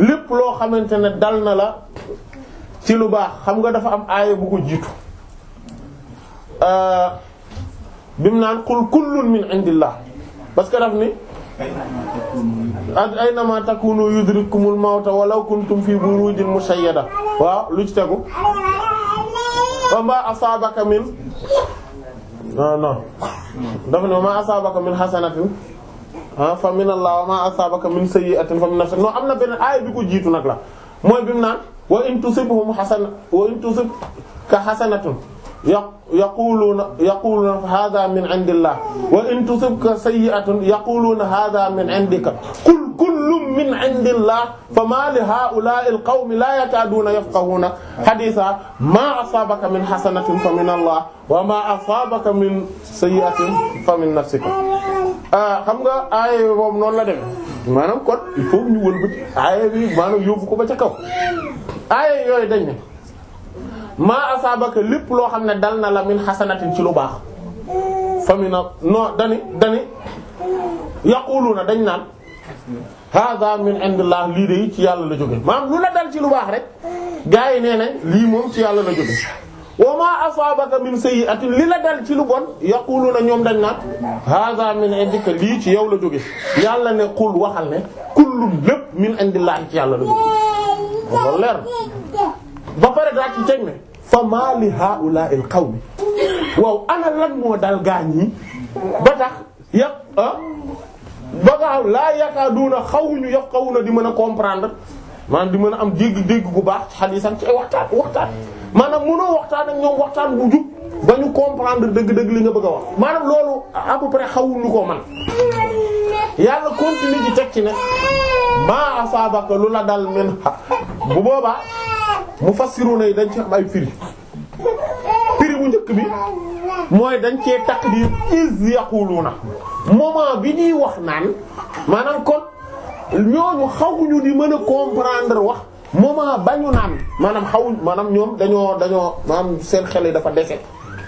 lépp loo xamante ne dal na la ci lu baax xam nga dafa am aaya bu jiitu euh, bi mu naan qul kullun min indillah parce que daf ni aynama takunu yudrikumul mawta walaw kuntum fi burujin mushayyada waaw lu ci tegu wa ma asabaka min non non dafa ne wa ma asabaka min hasanatin fa min allah wa ma asabaka min sayyi'atin fa min nafsik non am na benn aaya bi ko jiitu nag la mooy bi mu naan wa in tusibhum hasana wa in tusibka hasanatun yaquluuna yaquluuna haaza min indillah wa in tusibka sayyi'atun yaquluuna haaza min indika qul kullun min indillah famaa li haa'ulaa'il qawmi laa yakaaduuna yafqahuuna hadiisan maa asaabaka min hasanatin fa min Allah wa maa asaabaka min sayyi'atin fa min nafsika ah, xam nga aaya bi boobu noonu la dem maanaam kon il faut ñu wëlbati aaya bi maanaam yóbbu ko ba ca kaw aaya yooyu dañ ne maa asaabaka lépp loo xam ne dal na la min xasanatin ci lu baax famina non dani dani yaquluna dañ naan hada min indillah lii de ci yàlla la jóge maanaam lu la dal ci lu baax rek gaa yi nee nañ lii moom ci yàlla la jóge wa ma asaabaka min sayyi'atin li la dal ci lu bon na ñoom dañ naan hada min indika lii ci yow la jóge yàlla ne qul waxal ne kullum lépp min indillah ci yàlla la jóge leer ba pare daa ci teg ne fa maa li haa'ulaa'i al-qawmi waaw ana lan moo dal gaañ yi ba tax yàq ah ba nga laa yakaaduuna xawuñu yafqahuuna di mën a comprendre maanaam di mën a am dégg-dégg bu baax hadiisan ci ay waxtaan waxtaan. maanaam mënoo waxtaan ak ñoom waxtaan bu jub ba ñu comprendre dëgg-dëgg li nga bëgg a wax maanaam loolu à xaw près ko man yàlla continue ci teg ci ne maa asaabaka lu la dal min bu boobaa. mu mufassiruna yi dañ ci am ay firi firi bu njëkk bi mooy dañ cee takdir iz yaquluna moment bi ñuy wax naan maanaam kon ñooñu xawuñu di mën a comprendre wax moment bañu naan maanaam xawuñ maanaam ñoom dañoo dañoo maanaam seen xel yi dafa dese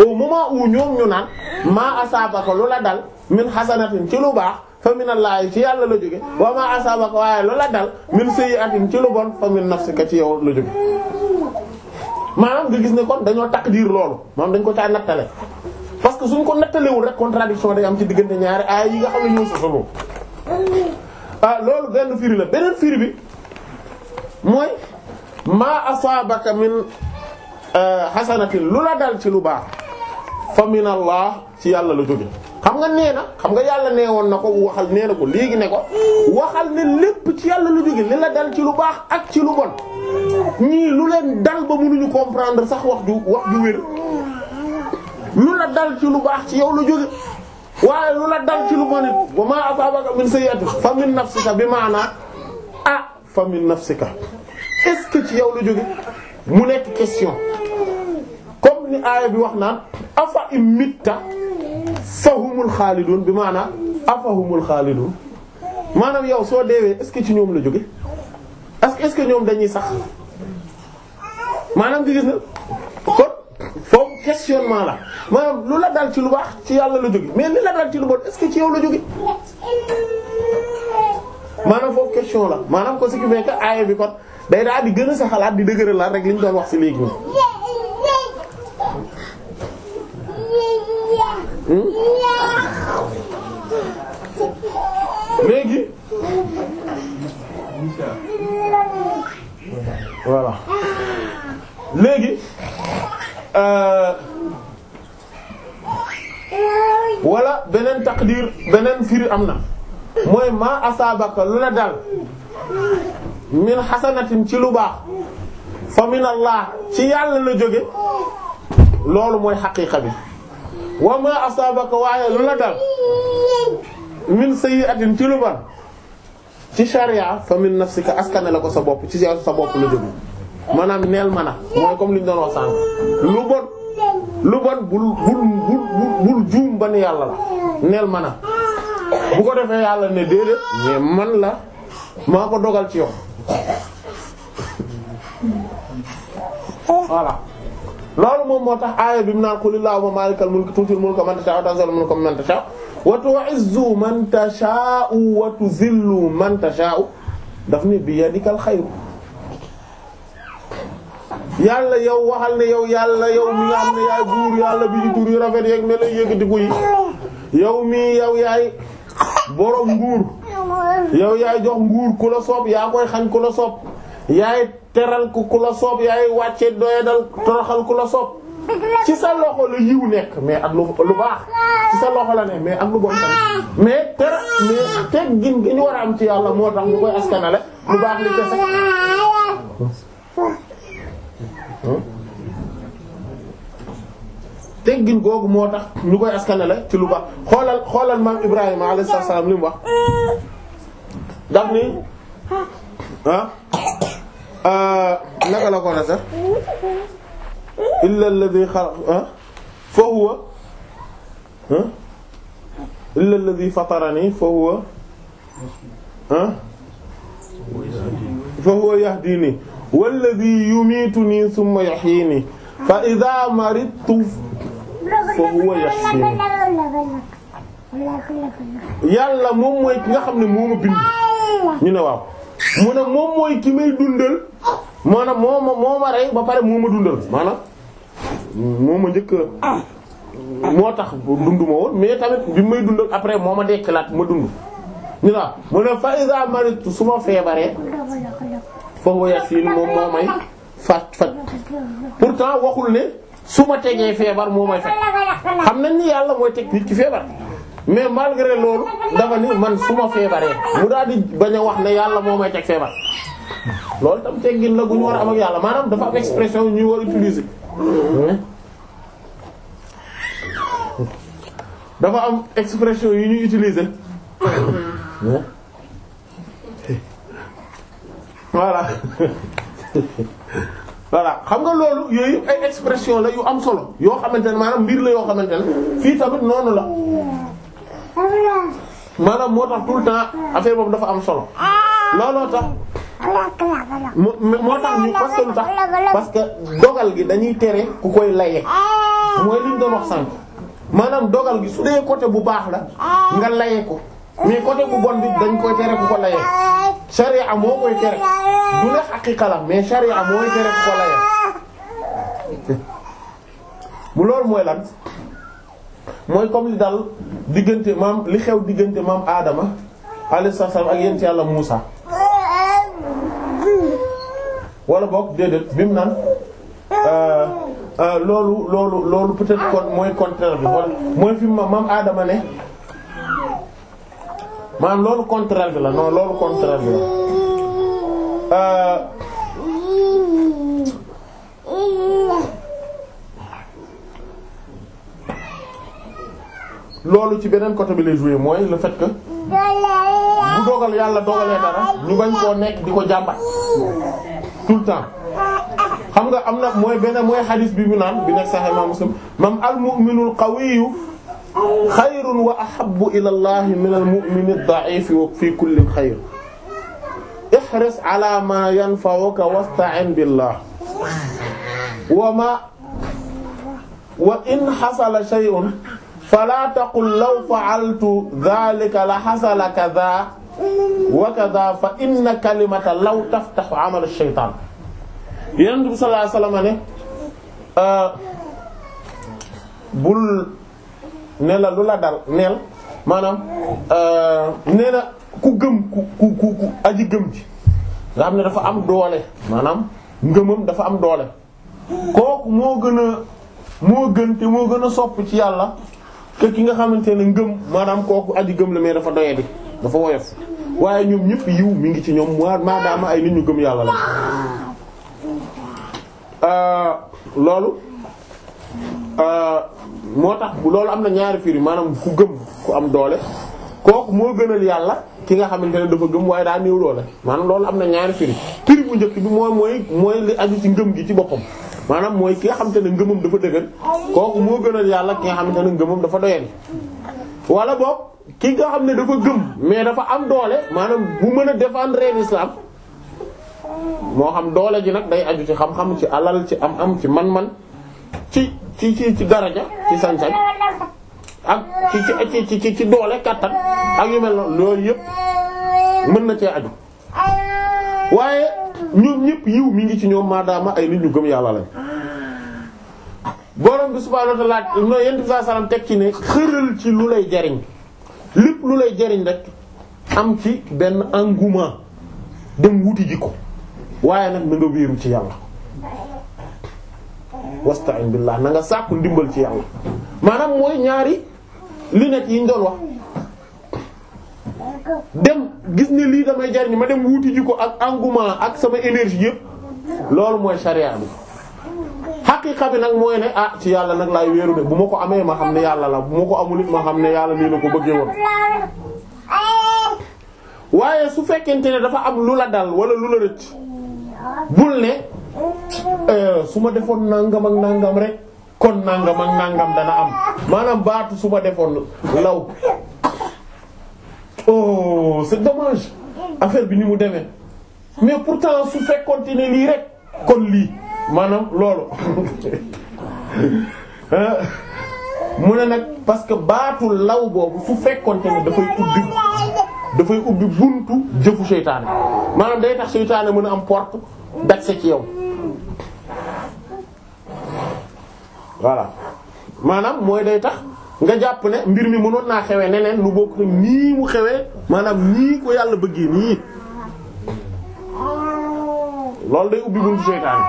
au moment où ñoom ñu naan maa asaabaka lu la dal min hasanatin ci lu baax fa minallaahi ci yàlla la jóge wa ma asaabaka waaye loola dal min sayyi'atin ci lu bon fa nafsika ci yow la jóge maanaam nga gis ne kon dañoo diir loolu maanaam dañ ko caa nattale parce que suñ ko nattalewul rek contradiction day am ci diggante ñaari ay yi nga xam ne ñoo sosoloo ah loolu benn firi la beneen firi bi mooy maa asaabaka min xasanatin ah, lu la dal ci lu baax fa minallah ci yàlla la jóge xam nga nee na xam nga yàlla nee woon na ko waxal nee na ko léegi ne ko waxal ne lépp ci yàlla lu jóge li la dal ci lu baax ak ci lu bon ñii lu leen dal ba mënuñu comprendre sax wax ju wér lu la dal ci lu baax ci yow lu jóge waaye lu la dal ci lu bon it wa ma asabaka min sayyi'atin fa min nafsika bi maana ah fa nafsika est-ce que ci yow lu jóge mu nekk question comme ni aaya bi wax naan afa imitta fahumul xaalidun bi maanaam afahumul xaalidun maanaam yow soo deewee est-ce que ci ñoom la jóge est-ce est-ce que ñoom dañuy sax maanaam nga gis na kon foofu questionnement la maanaam lu la dal ci lu baax ci yàlla la jóge mais li la dal la jóge maanaam foofu question la maanaam ko ce qui fait que bi kon day daal di gën a sa xalaat di dëgëralaat rek li ñu wax ci léegi. Hmm? léegi voilà léegi wala euh, beneen taqdir beneen firi am na mooy ma asaabaka lu la dal min xasanatin ci lu baax fa min allah ci yàlla la jóge loolu mooy xaqiiqa bi wa ma asaabaka waaye lu la dal min sayyi'atin ci lu ba ci sharia fa nafsika askane la ko sa bopp ci sa bopp la jóge maanaam neel man a comme li ñu doon wax lu bon ba ni yàlla la neel man a bu ko defee yàlla ne déedéet mais man la maa ko dogal ci yow voilà loolu moom moo tax aaya bi mu naan qul allahumma maalikal mulki tuutil mulka man tashaa'u wa tanzi'ul mulka mimman tashaa'u wa tu'izzu man tashaa'u wa tuzillu man tashaa'u daf ni bi yadikal xayru yàlla yow waxal ne yow yàlla yow mi nga xam ne yaay buur yàlla bi ci tur yu rafet yeeg mel ni yëkkatiku yi yow mii yow yaay borom nguur yow yaay jox nguur ku la soob yaa koy xañ ku la soob yaay teral ku ku la soob yaay wàcce doyadal toroxal ku la soob ci sa loxo la yiw nekk mais ak lu baax ci sa loxo la ne mais ak lu bon mais ter mais teg gin gi ñu war a am ci yàlla moo tax ñu koy askanale lu baax li kese teggin googu moo tax ñu koy askanale ci lu baax xoolal xoolal maam Ibrahima alayhi salaam li mu wax daf ni ah? Euh, naka la ko ne sax illa alladhi xalaq fa huwa illa alladhi fatarani fa huwa fa huwa yahdini walladhi yumituni thumma yuhyini fa idha maridtu fa huwa yashfini yàlla moom mooy ki nga xam ne moo ma bind ñu ne waaw mu ne moom mooy ki may dundal maanaam moo ma moo ma rey ba pare moo ma dundal maanaam moo ma njëkk moo tax dund ma woon mais tamit bi may dundal après moo ma dekkilaat ma dund ñu la su ma feebaree foofu yasin moom may faj faj pourtant waxul ne su ma tegee feebar moo may faj xam nañ ni yàlla mooy teg nit feebar mais malgré loolu dafa ni man su ma feebaree mu daal di bañ a wax ne yàlla moo may teg feebar loolu tam teggin la bu ñu war a am ak yàlla maanaam dafa am expression ñuy war a utiliser dafa am expression yi ñuy utiliser voilà voilà xam nga loolu yooyu ay expression la yu am solo yoo xamante ne maanaam mbir la yoo xamante ne fii tamit noonu la maanaam moo tax tout le temps affaire boobu dafa am solo ah. looloo tax moo tax ñu parce que lu tax dogal gi dañuy tere ku koy laye ah. mooy liñ doon wax sànq maanaam dogal gi su dee côté bu baax la ah. nga laye ko mais côté bu bon bi dañ koy tere ku ko laye sharia moo koy tere du la xaqiqa la mais sharia mooy tere ku ko laye mu loolu mooy lan mooy comme li daal diggante maam li xew diggante maam Adama alayhi salaam ak yent yàlla musa wala boog déedéet bi mu naan euh, euh, loolu loolu loolu peut-être kon mooy contraire bi wala mooy fi ma maam Adama ne maanaam loolu contraire bi la non loolu contraire bi la. Euh, loolu ci beneen côté bi lay jouer mooy le fait que bu dogal yàlla dogalee dara ñu bañ koo nekk di ko jàmbat tout le temps xam nga am na mooy benn mooy xadis bi mu naan bi nekk Sahih Imam Muslim mam al mu'minul qawiyyu xayrun wa ahabbu ila Allah min al mu'mini ad-da'if wa fi kulli xayr ihris ala ma yanfa'uka wasta'in billah wa ma wa in hasala shay'un fala taqul law fa'altu dhalika la hasala kadha wa kadha fa inna kalimata law taftahu amal ash-shaytan yonent bi sallallahu alayhi wasallam ne bul ne la lu la dal neel maanaam nee na ku gëm ku ku ku ku aji gëm ji nga xam ne dafa am doole maanaam ngëmam dafa am doole kooku moo gën a moo gën te moo gën a sopp ci yàlla que ki nga xamante ne ngëm maanaam kooku aji gëm la mais dafa doyadi dafa woyof waaye ñoom ñëpp yiw mi ngi ci ñoom maadaama ay nit ñu gëm yàlla la euh, loolu euh, moo tax loolu am na ñaari firi maanaam ku gëm ku am doole kooku moo gënal yàlla ki nga xamante ne dafa gëm waaye daa néew doole maanaam loolu am na ñaari firi firi bu njëkk bi mooy mooy mooy aju ci ngëm gi ci boppam maanaam mooy ki nga xamante ne ngëmam dafa dëgër kooku moo gënal yàlla ki nga xamante ne ngëmam dafa doyal wala boog ki nga xam ne dafa gëm mais dafa am doole maanaam bu mën a défendre l'islam moo xam doole ji nag day aju ci xam-xam ci alal ci am-am ci man-man ci ci ci ci daraja ci sañ-sañ ak ci ci ci ci ci doole kàttan ak yu mel noonu loolu yëpp mën na cee aju. waaye ñoom ñëpp yiw mi ngi ci ñoom maadaama ay nit ñu gëm yàlla lañ borom bi subhaanahu wa ta'aala no yent teg ci ne xëral ci lu lay jariñ lépp lu lay jariñ rek am ci benn engouement dem wuti ji ko waaye nag na nga wéeru ci yàlla wasta'in billah na nga sàkku ndimbal ci yàlla maanaam mooy ñaari li nekk yi ñu doon wax dem gis ne lii damay jariñ ma dem wuuti ji ko ak engouement ak sama énergie yëpp loolu mooy charia bi xaqiqa bi nag mooy ne ah ci yàlla nag laay wéeru de bu ma ko amee ma xam ne yàlla la bu ma ko amul it ma xam ne yàlla nii la ko bëggee woon waaye su fekkente ne dafa am lu la dal wala lu la rëcc bul ne euh, su ma defoon nangam ak nangam rek kon nangam ak nàngam dana am maanaam baatu su ma defoon law oh c'est dommage affaire bi ni mu demee mais pourtant su fekkoon ne lii rek kon lii maanaam loolu mu ne nag parce que baatu law boobu su fekkoon ne dafay ubbi dafay ubbi buntu jëfu seytaane maanaam day tax seytaane mën a am porte d'accès ci yow voilà maanaam mooy day tax. nga jàpp ne mbir mi mënoon naa xewee neneen lu bokk nii mu xewee maanaam nii ko yàlla bëggee nii loolu day ubbi buntu seytaane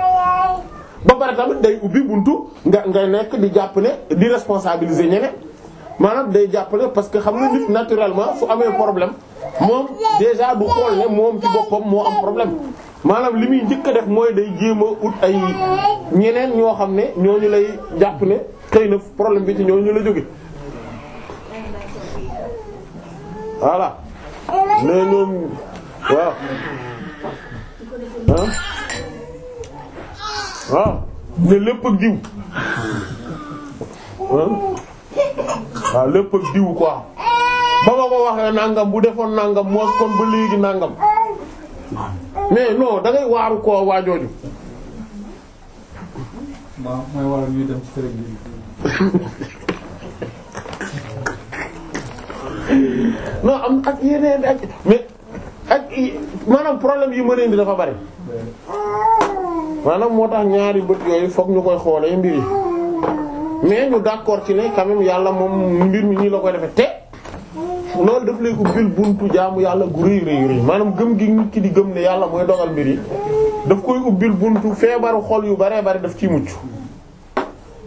ba pare tamit day ubbi buntu nga nga nekk di jàpp ne di responsabiliser ñeneen maanaam day jàpp ne parce que xam nga nit naturellement su amee problème moom déjà du xool ne moom ci boppam moo am problème maanaam li muy njëkk a def mooy day jéem ut ay ñeneen ñoo xam ne ñooñu lay jàpp ne xëy na problème bi ci ñu la jóge voilà mais ñoom waaw ah waaw ne lépp diw waaw lépp ak diw quoi ba ma nangam bu defoon nangam moos kon ba léegi nangam mais non da waaru koo waajooju non am ak yeneen ak mais ak maanaam problème yi mën a indi dafa bari maanaam moo tax ñaari bët yooyu fokk ñu koy xoolee mbir yi mais ñu d'accord ci ne quand yàlla moom mbir mi ñii la koy defee te loolu daf lay ubbil buntu jaamu yàlla gu rëy rëy rëy maanaam gëm gi nit ki di gëm ne yàlla mooy doxal mbir yi daf koy ubbil buntu feebaru xol yu baree bari daf ciy mucc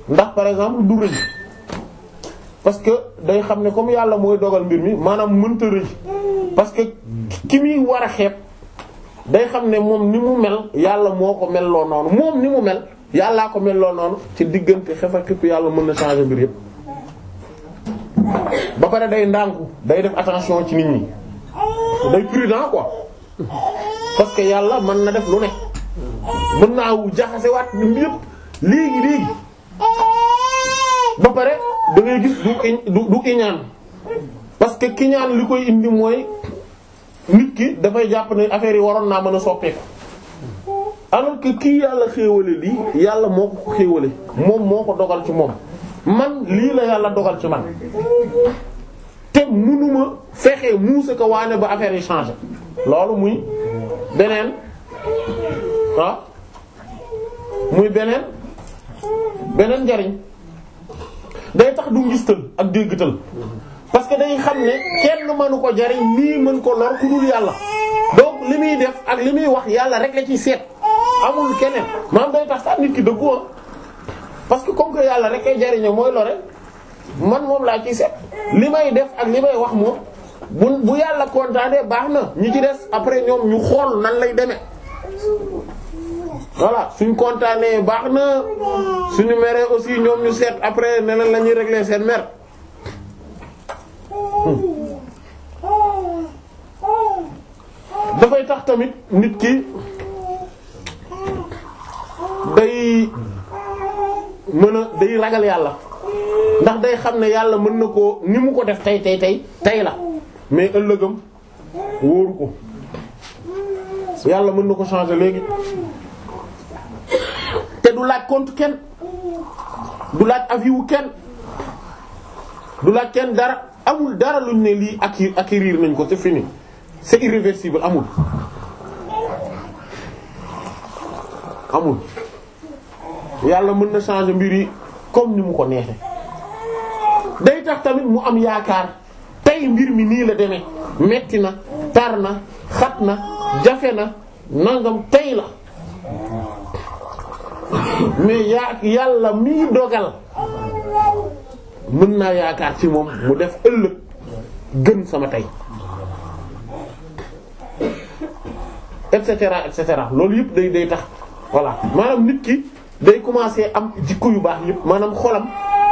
ndax par exemple du rëy. parce que day xam ne comme yàlla mooy dogal mbir mi maanaam mënta rëy parce que ki muy war a xeeb day xam ne moom ni mu mel yàlla moo ko mel loo noonu moom ni mu mel yàllaa ko mel loo noonu ci diggante xef ak képp yàlla mën na changer mbir pare day ndànku day def attention ci nit que yàlla mën na def lu ne mën naa jaxasewaat léegi léegi ba pare da ngay gis du du iñaan parce que kiñaan li koy indi mooy nit ki dafay jàpp ne affaire yi waroon naa mën a soppeeku alors ki kii yàlla xéewale lii yàlla moo ko xéewale moom moo ko dogal ci moom man lii la yàlla dogal ci man te munuma fexe muusa ko waane ba affaire yi changé loolu muy beneen ah, muy beneen beneen njariñ day tax du ngistal ak déggtal parce que day xam ne kenn mënu ko jariñ nii mën ko lor ku dul yàlla donc li muy def ak li muy wax yàlla rek la ci seet amul keneen maanaam day tax sax nit ki dëggu woon ah. parce que comme que yàlla rek kay jariñoo mooy lore man moom laa ciy seet li may def ak li may wax moom bu bu yàlla kontaanee baax na ñi ci des après ñoom ñu xool nan lay demee voilà suñ kontaanee baax na suñu meree aussi ñoom ñu seet après neneen la ñuy régler seen mer. dafay tax tamit nit ki day mën a day ragal yàlla ndax day xam ne yàlla mën na koo ni mu ko def tey tey tey tey la mais ëllëgam wóoru ko yàlla mën na ko changer léegi. du laaj compte kenn du laaj avis wu kenn du laaj kenn dara amul dara luñ ne lii acquis acquérir nañ ko c'est fini c'est irréversible amul amul yàlla mën na changer mbir yi comme ni mu ko neexe day tax tamit mu am yaakaar tey mbir mi nii la deme metti na tar na xat na jafe na nangam tey la mais yaa yàlla mii dogal mën naa yaakaar ci moom mu def ëllëg gën sama tey et cetera et cetera loolu yëpp day day tax voilà maanaam nit ki day commencer am jikko yu baax yëpp maanaam xolam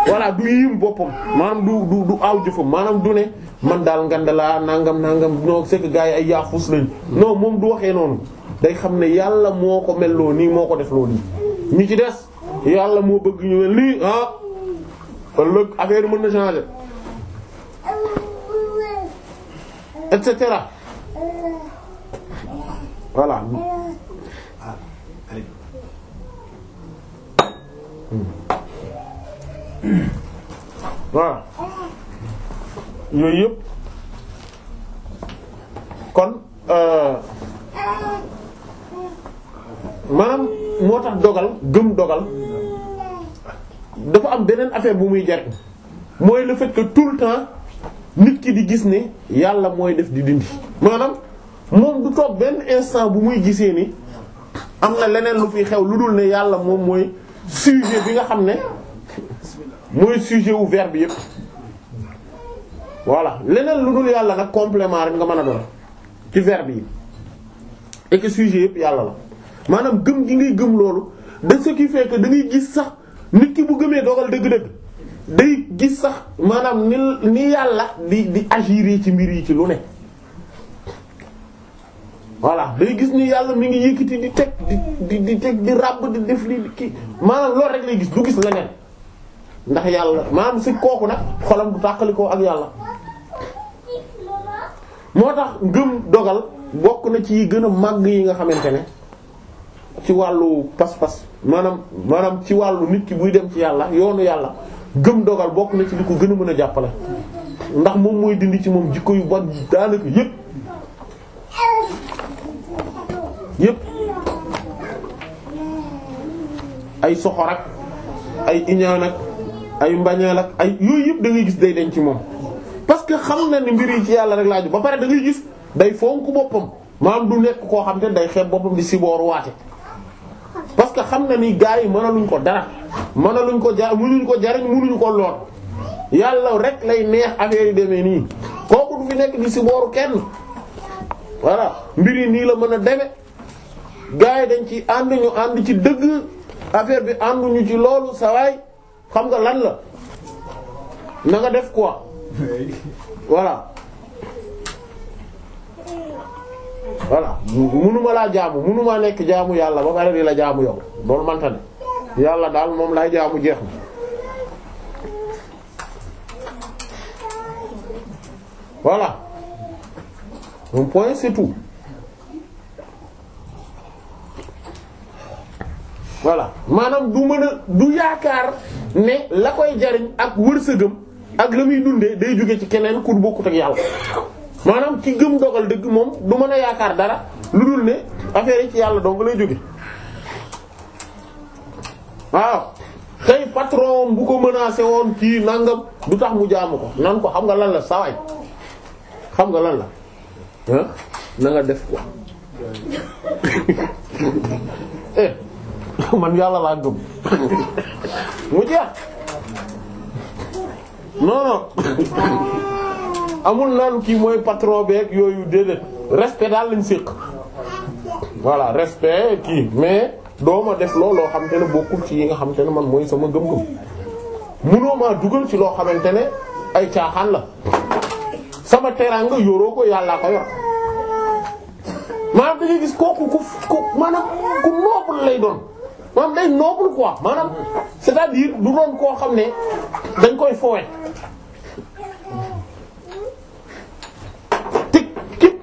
voilà du yim boppam maanaam du du du aw jëfam maanaam du ne man daal ngandalaa nangam nangam non c'est que gars yi ay yaafus lañ non moom du waxee noonu day xam ne yàlla moo ko mel loo nii moo ko def loo nii ñi ci des yàlla moo bëgg ñu ne lii ah ëllëg affaire mën na changer et cetera voilà. waaw yooyu yëpp kon euh, maanaam. moo tax dogal gëm dogal dafa am beneen affaire bu muy jariñ mooy le fait que tout le temps nit ki di gis ne yàlla mooy def di dindi maanaam moom du toog benn instant bu muy gisee ni am na leneen lu fi xew lu dul ne yàlla moom mooy sujet bi nga xam ne mooy sujet wu verbe yépp voilà leneen lu dul yàlla nag complement rek nga mën a doon ci verbe yi et que yépp yàlla la maanaam gëm gi ngay gëm loolu de ce qui fait gis sax nit ki bu gëmee dogal dëgg-dëgg day gis sax maanaam ni ni yàlla di di agir ci mbir yi ci lu ne. voilà day gis ni yàlla mi ngi di teg di di di teg di ràbb li kii maanaam loolu rek lay gis du gis ndax yàlla maanaam si kooku nag xolam du tàqalikoo ak yàlla. moo tax gëm dogal bokk na ci yi gën a màgg yi nga xamante ne. ci wàllu pas-pas maanaam maanaam ci wàllu nit ki buy dem ci yàlla yoonu yàlla gëm dogal bokk na ci li ko gën a mën a jàppale ndax moom mooy dindi ci moom jikko yu bon daanaka yépp yépp ay soxor ak ay iñaan ay mbañeel ak ay yooyu yépp da ngay gis day deñ ci moom parce que xam na ni mbir ci yàlla rek laaju ba pare da ngay gis day fonk boppam maanaam du nekk koo xam te day xeeb boppam di si boor waate parce que xam na ni gaa yi mënaluñ ko dara mënaluñ ko jar mënuñ ko jariñ mënuñ ko lool yàlla rek lay neex affaire yi demee nii kooku du fi nekk di si booru kenn voilà mbir nii la mën a deme gars yi dañ ci ànd ñu ànd ci dëgg affaire bi ànduñu ci loolu sawaay xam nga lan la na nga def quoi voilà voilà munuma laa jaamu munuma nekk jaamu yàlla ba pare di la jaamu yow loolu manta yàlla daal moom laay jaamu jeex na voilà un point maanaam du mën du yaakaar ne la koy jariñ ak wërsëgam ak la muy dundee day jóge ci keneen ku bokkut ak yàlla maanaam ki gëm dogal dëgg moom du mën a yaakaar dara lu dul ne affaire ci yàlla dong lay jóge waaw tey patron bu ko menacé woon kii nangam du tax mu jaamu ko nan ko xam nga lan la sawaay xam nga lan la ah na nga def ko eh man yàlla laa gëm mu jeex non amul naan kii mooy patron beeg yooyu déedéet respect daal lañ séq voilà respect kii mais doo ma def looloo xam xamante ne bokkul ci yi nga xamante ne man mooy sama gëm-gëm mënoo maa dugal ci loo xamante ne ay caaxaan la sama teraanga yoroo ko yàllaa ko yor maanaam da ngay gis kooku ku ku maanaam ku noble lay doon maanaam day noble quoi maanaam c'est-à-dire du doon koo xam ne dañ koy fowe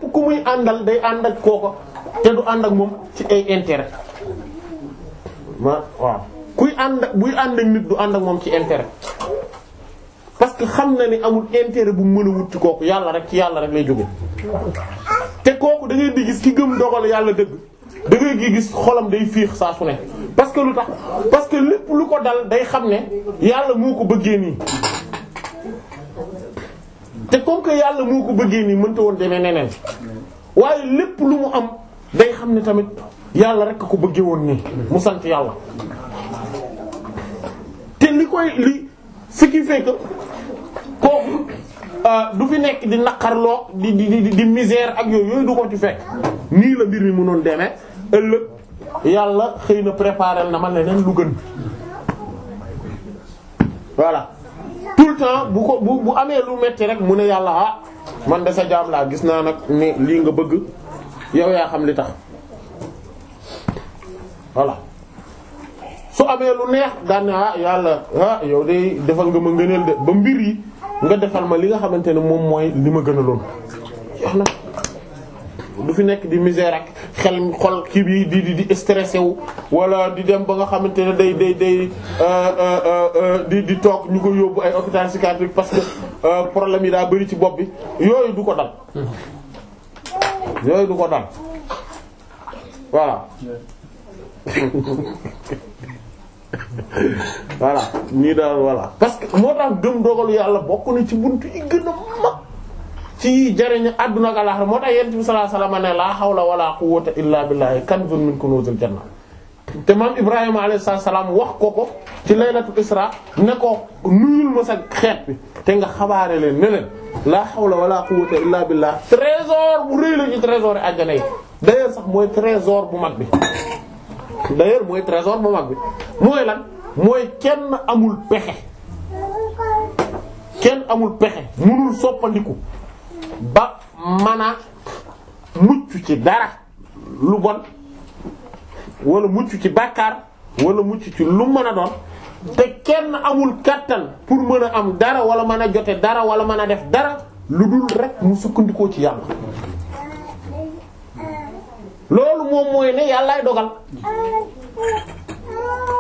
képp ku muy àndal day ànd ak kooko te du ànd ak moom ci ay intérêt ma waaw kuy ànd buy ànd ak nit du ànd ak moom ci intérêt parce que xam na ni amul intérêt bu mën a wut ci kooku yàlla rek ci yàlla rek lay jóge te kooku da ngay di gis ci gëm dogal yàlla dëgg da ngay di gis xolam day fiix saa su ne parce que lu tax parce que lépp lu ko dal day xam ne yàlla moo ko bëggee nii te comme que yàlla moo ko bëggee nii mënta woon demee neneen waaye lépp lu mu am day xam ne tamit yàlla rek a ko bëggee woon nii mu sant yàlla te li koy li ce qui fait kooku euh, du fi nekk di naqarloo di di di misère ak yooyu yooyu du ko ci fekk nii la mbir mi mënoon demee ëllëg yàlla xëy na préparer na ma leneen lu gën voilà tout le bu ko bu bu amee lu metti rek mu ne yàlla ah man de sa jaam laa gis naa nag ne lii nga bëgg yow yaa xam li tax voilà su amee lu neex daan ne ah yàlla ah yow de defal nga ma ngëneel de ba mbir yi nga defal ma li nga xamante ne moom mooy li ma gën a loon. du fi nekk di misère ak xel xol kii bi di di di stressé wu wala di dem ba nga xamante ne day day day euh, euh, euh, di di toog ñu ko yóbbu ay hôpital psychiatrique parce que problème yi daa bari ci bopp bi yooyu du ko dal yooyu du ko dal voilà voilà nii daal voilà parce que moo tax gëm dogalu yàlla bokk na ci buntu yi gën a mag ci jariñu àdduna ak àllaxira moo tax yonent bi sallallahu alayhi wasallam ne laa hawla wala quwwata illa billahi kanzun min kunuzil janna te maam Ibrahima alayhi salaam wax ko ko ci laylatul ne ko sa xeet bi te xabaare leen ne leen laa hawla wala quwwata illa billah trésor bu rëy la ci trésor yi àjjana mooy trésor bu mag bi d'ailleurs mooy trésor bu mag bi mooy mooy kenn amul amul pexe munul soppandiku. ba mën a mucc ci dara lu bon wala mucc ci bàkkaar wala mucc ci lu mën a doon te kenn amul kàttan pour mën a am dara walla mën a jote dara wala mën a def dara lu dul rek mu sukkandikoo ci yàlla loolu moom mooy ne yàllaay dogal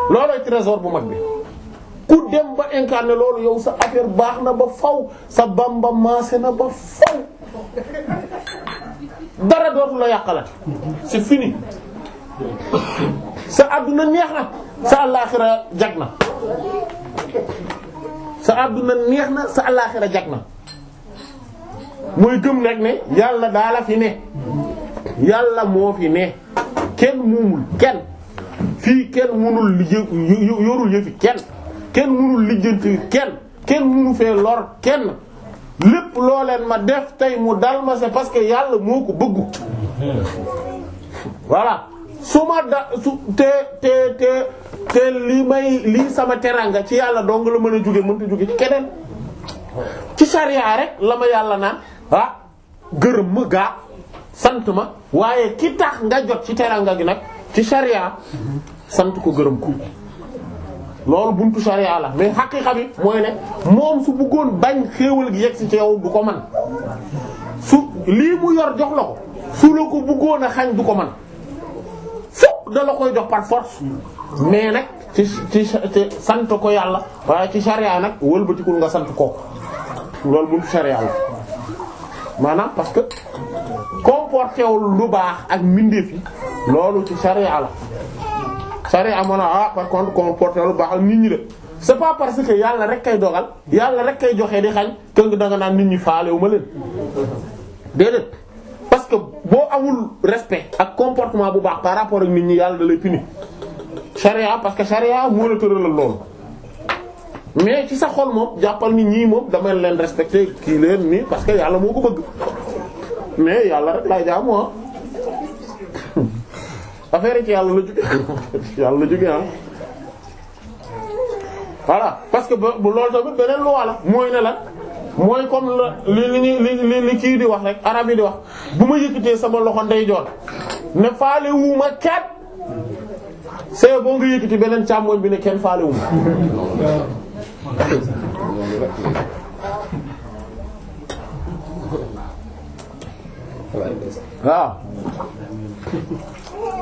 loolooy trésor bu mag bi ku dem ba incarné loolu yow sa affaire baax na ba faw sa bamba maase na ba faw dara dootu la yàqalati c'est fini sa àdduna neex na sa àllaaxira jag na na sa àllaaxira jag na mooy gëm rek ne yàlla daala fi ne yàlla moo fi ne kenn muumul kenn fii kenn munul yorul yëfi kenn kenn mënul lijjanti kenn kenn mënu fee lor kenn lépp loo leen ma def tey mu dal ma c'est parce que yàlla moo ko bëggu voilà su ma da su te te te te li may lii sama teranga ci yàlla dong la mën a jóge mënta jóge ci keneen ci sariya rek la ma yàlla naan ah gërëm ma gaa sant ma waaye ki tax nga jot ci teranga gi nag ci sariya sant ko gërëm ku loolu buntu sharia la mais xaqiqa bi mooy ne moom su bëggoon bañ xéewal gi yegg si ci yow du ko man su lii mu yor jox la ko su la ko bëggoon a xañ du ko man fokk da la koy jox par force mais nag ci sant ko yàlla waaye ci sharia nag wëlbatikul nga sant kooku loolu buntu sharia la maanaam parce que comporté wul lu baax ak mbindeef yi loolu ci sharia la sare amoon na ah par contre comportement lu baax nit ñi la c'est pas parce que yàlla rek kay dogal yàlla rek kay joxe di xañ kër danga naan nit ñi faalewu ma leen déedéet parce que boo amul respect ak comportement bu baax par rapport ak nit ñi yàlla da lay puni charia parce que charia moo la tëralal loolu mais ci sa xol moom jàppal nit ñii moom dama leen respecté kii leen nii parce que yàlla moo ko bëgg mais yàlla rek laay jaamu ah. affaire yi ci yàlla la jóge yàlla la jóge ah voilà parce que ba loolu tamit beneen loi la mooy ne la mooy comme la li li li li kii di wax rek arab yi di wax bu ma yëkkatee sama loxo ndeyjoor ne faale wu ma cat c'est boo nga yëkkati beneen càmmoñ bi ne kenn faale waaw.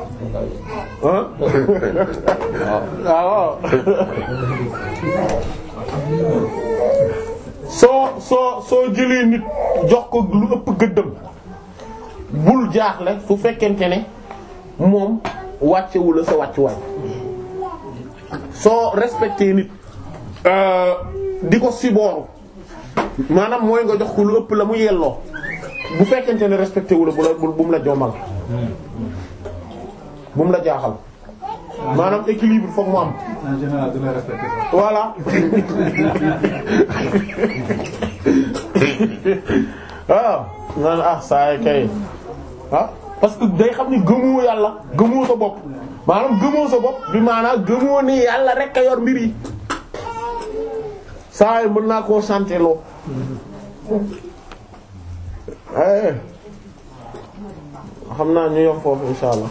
ah soo soo soo jëlee nit jox ko lu ëpp gëddëm bul jaaxle su fekkente ne moom wàccewula la sa wàccuwaay soo respecté nit euh, di ko sibooru maanaam mooy nga jox ko lu ëpp la mu yelloo bu fekkente ne respecté wu la bu la bu mu la joomal. bu mu la jaaxal maanaam équilibre foog mu am. en général ah saa ah, kay ah parce que day xam ni gëmoo yàlla gëmoo sa bopp maanaam gëmoo sa bopp bi maanaam gëmoo ni yàlla rek a yor mbir yi saa mën naa koo santé loo eh, naa ñu yom foofu insha allah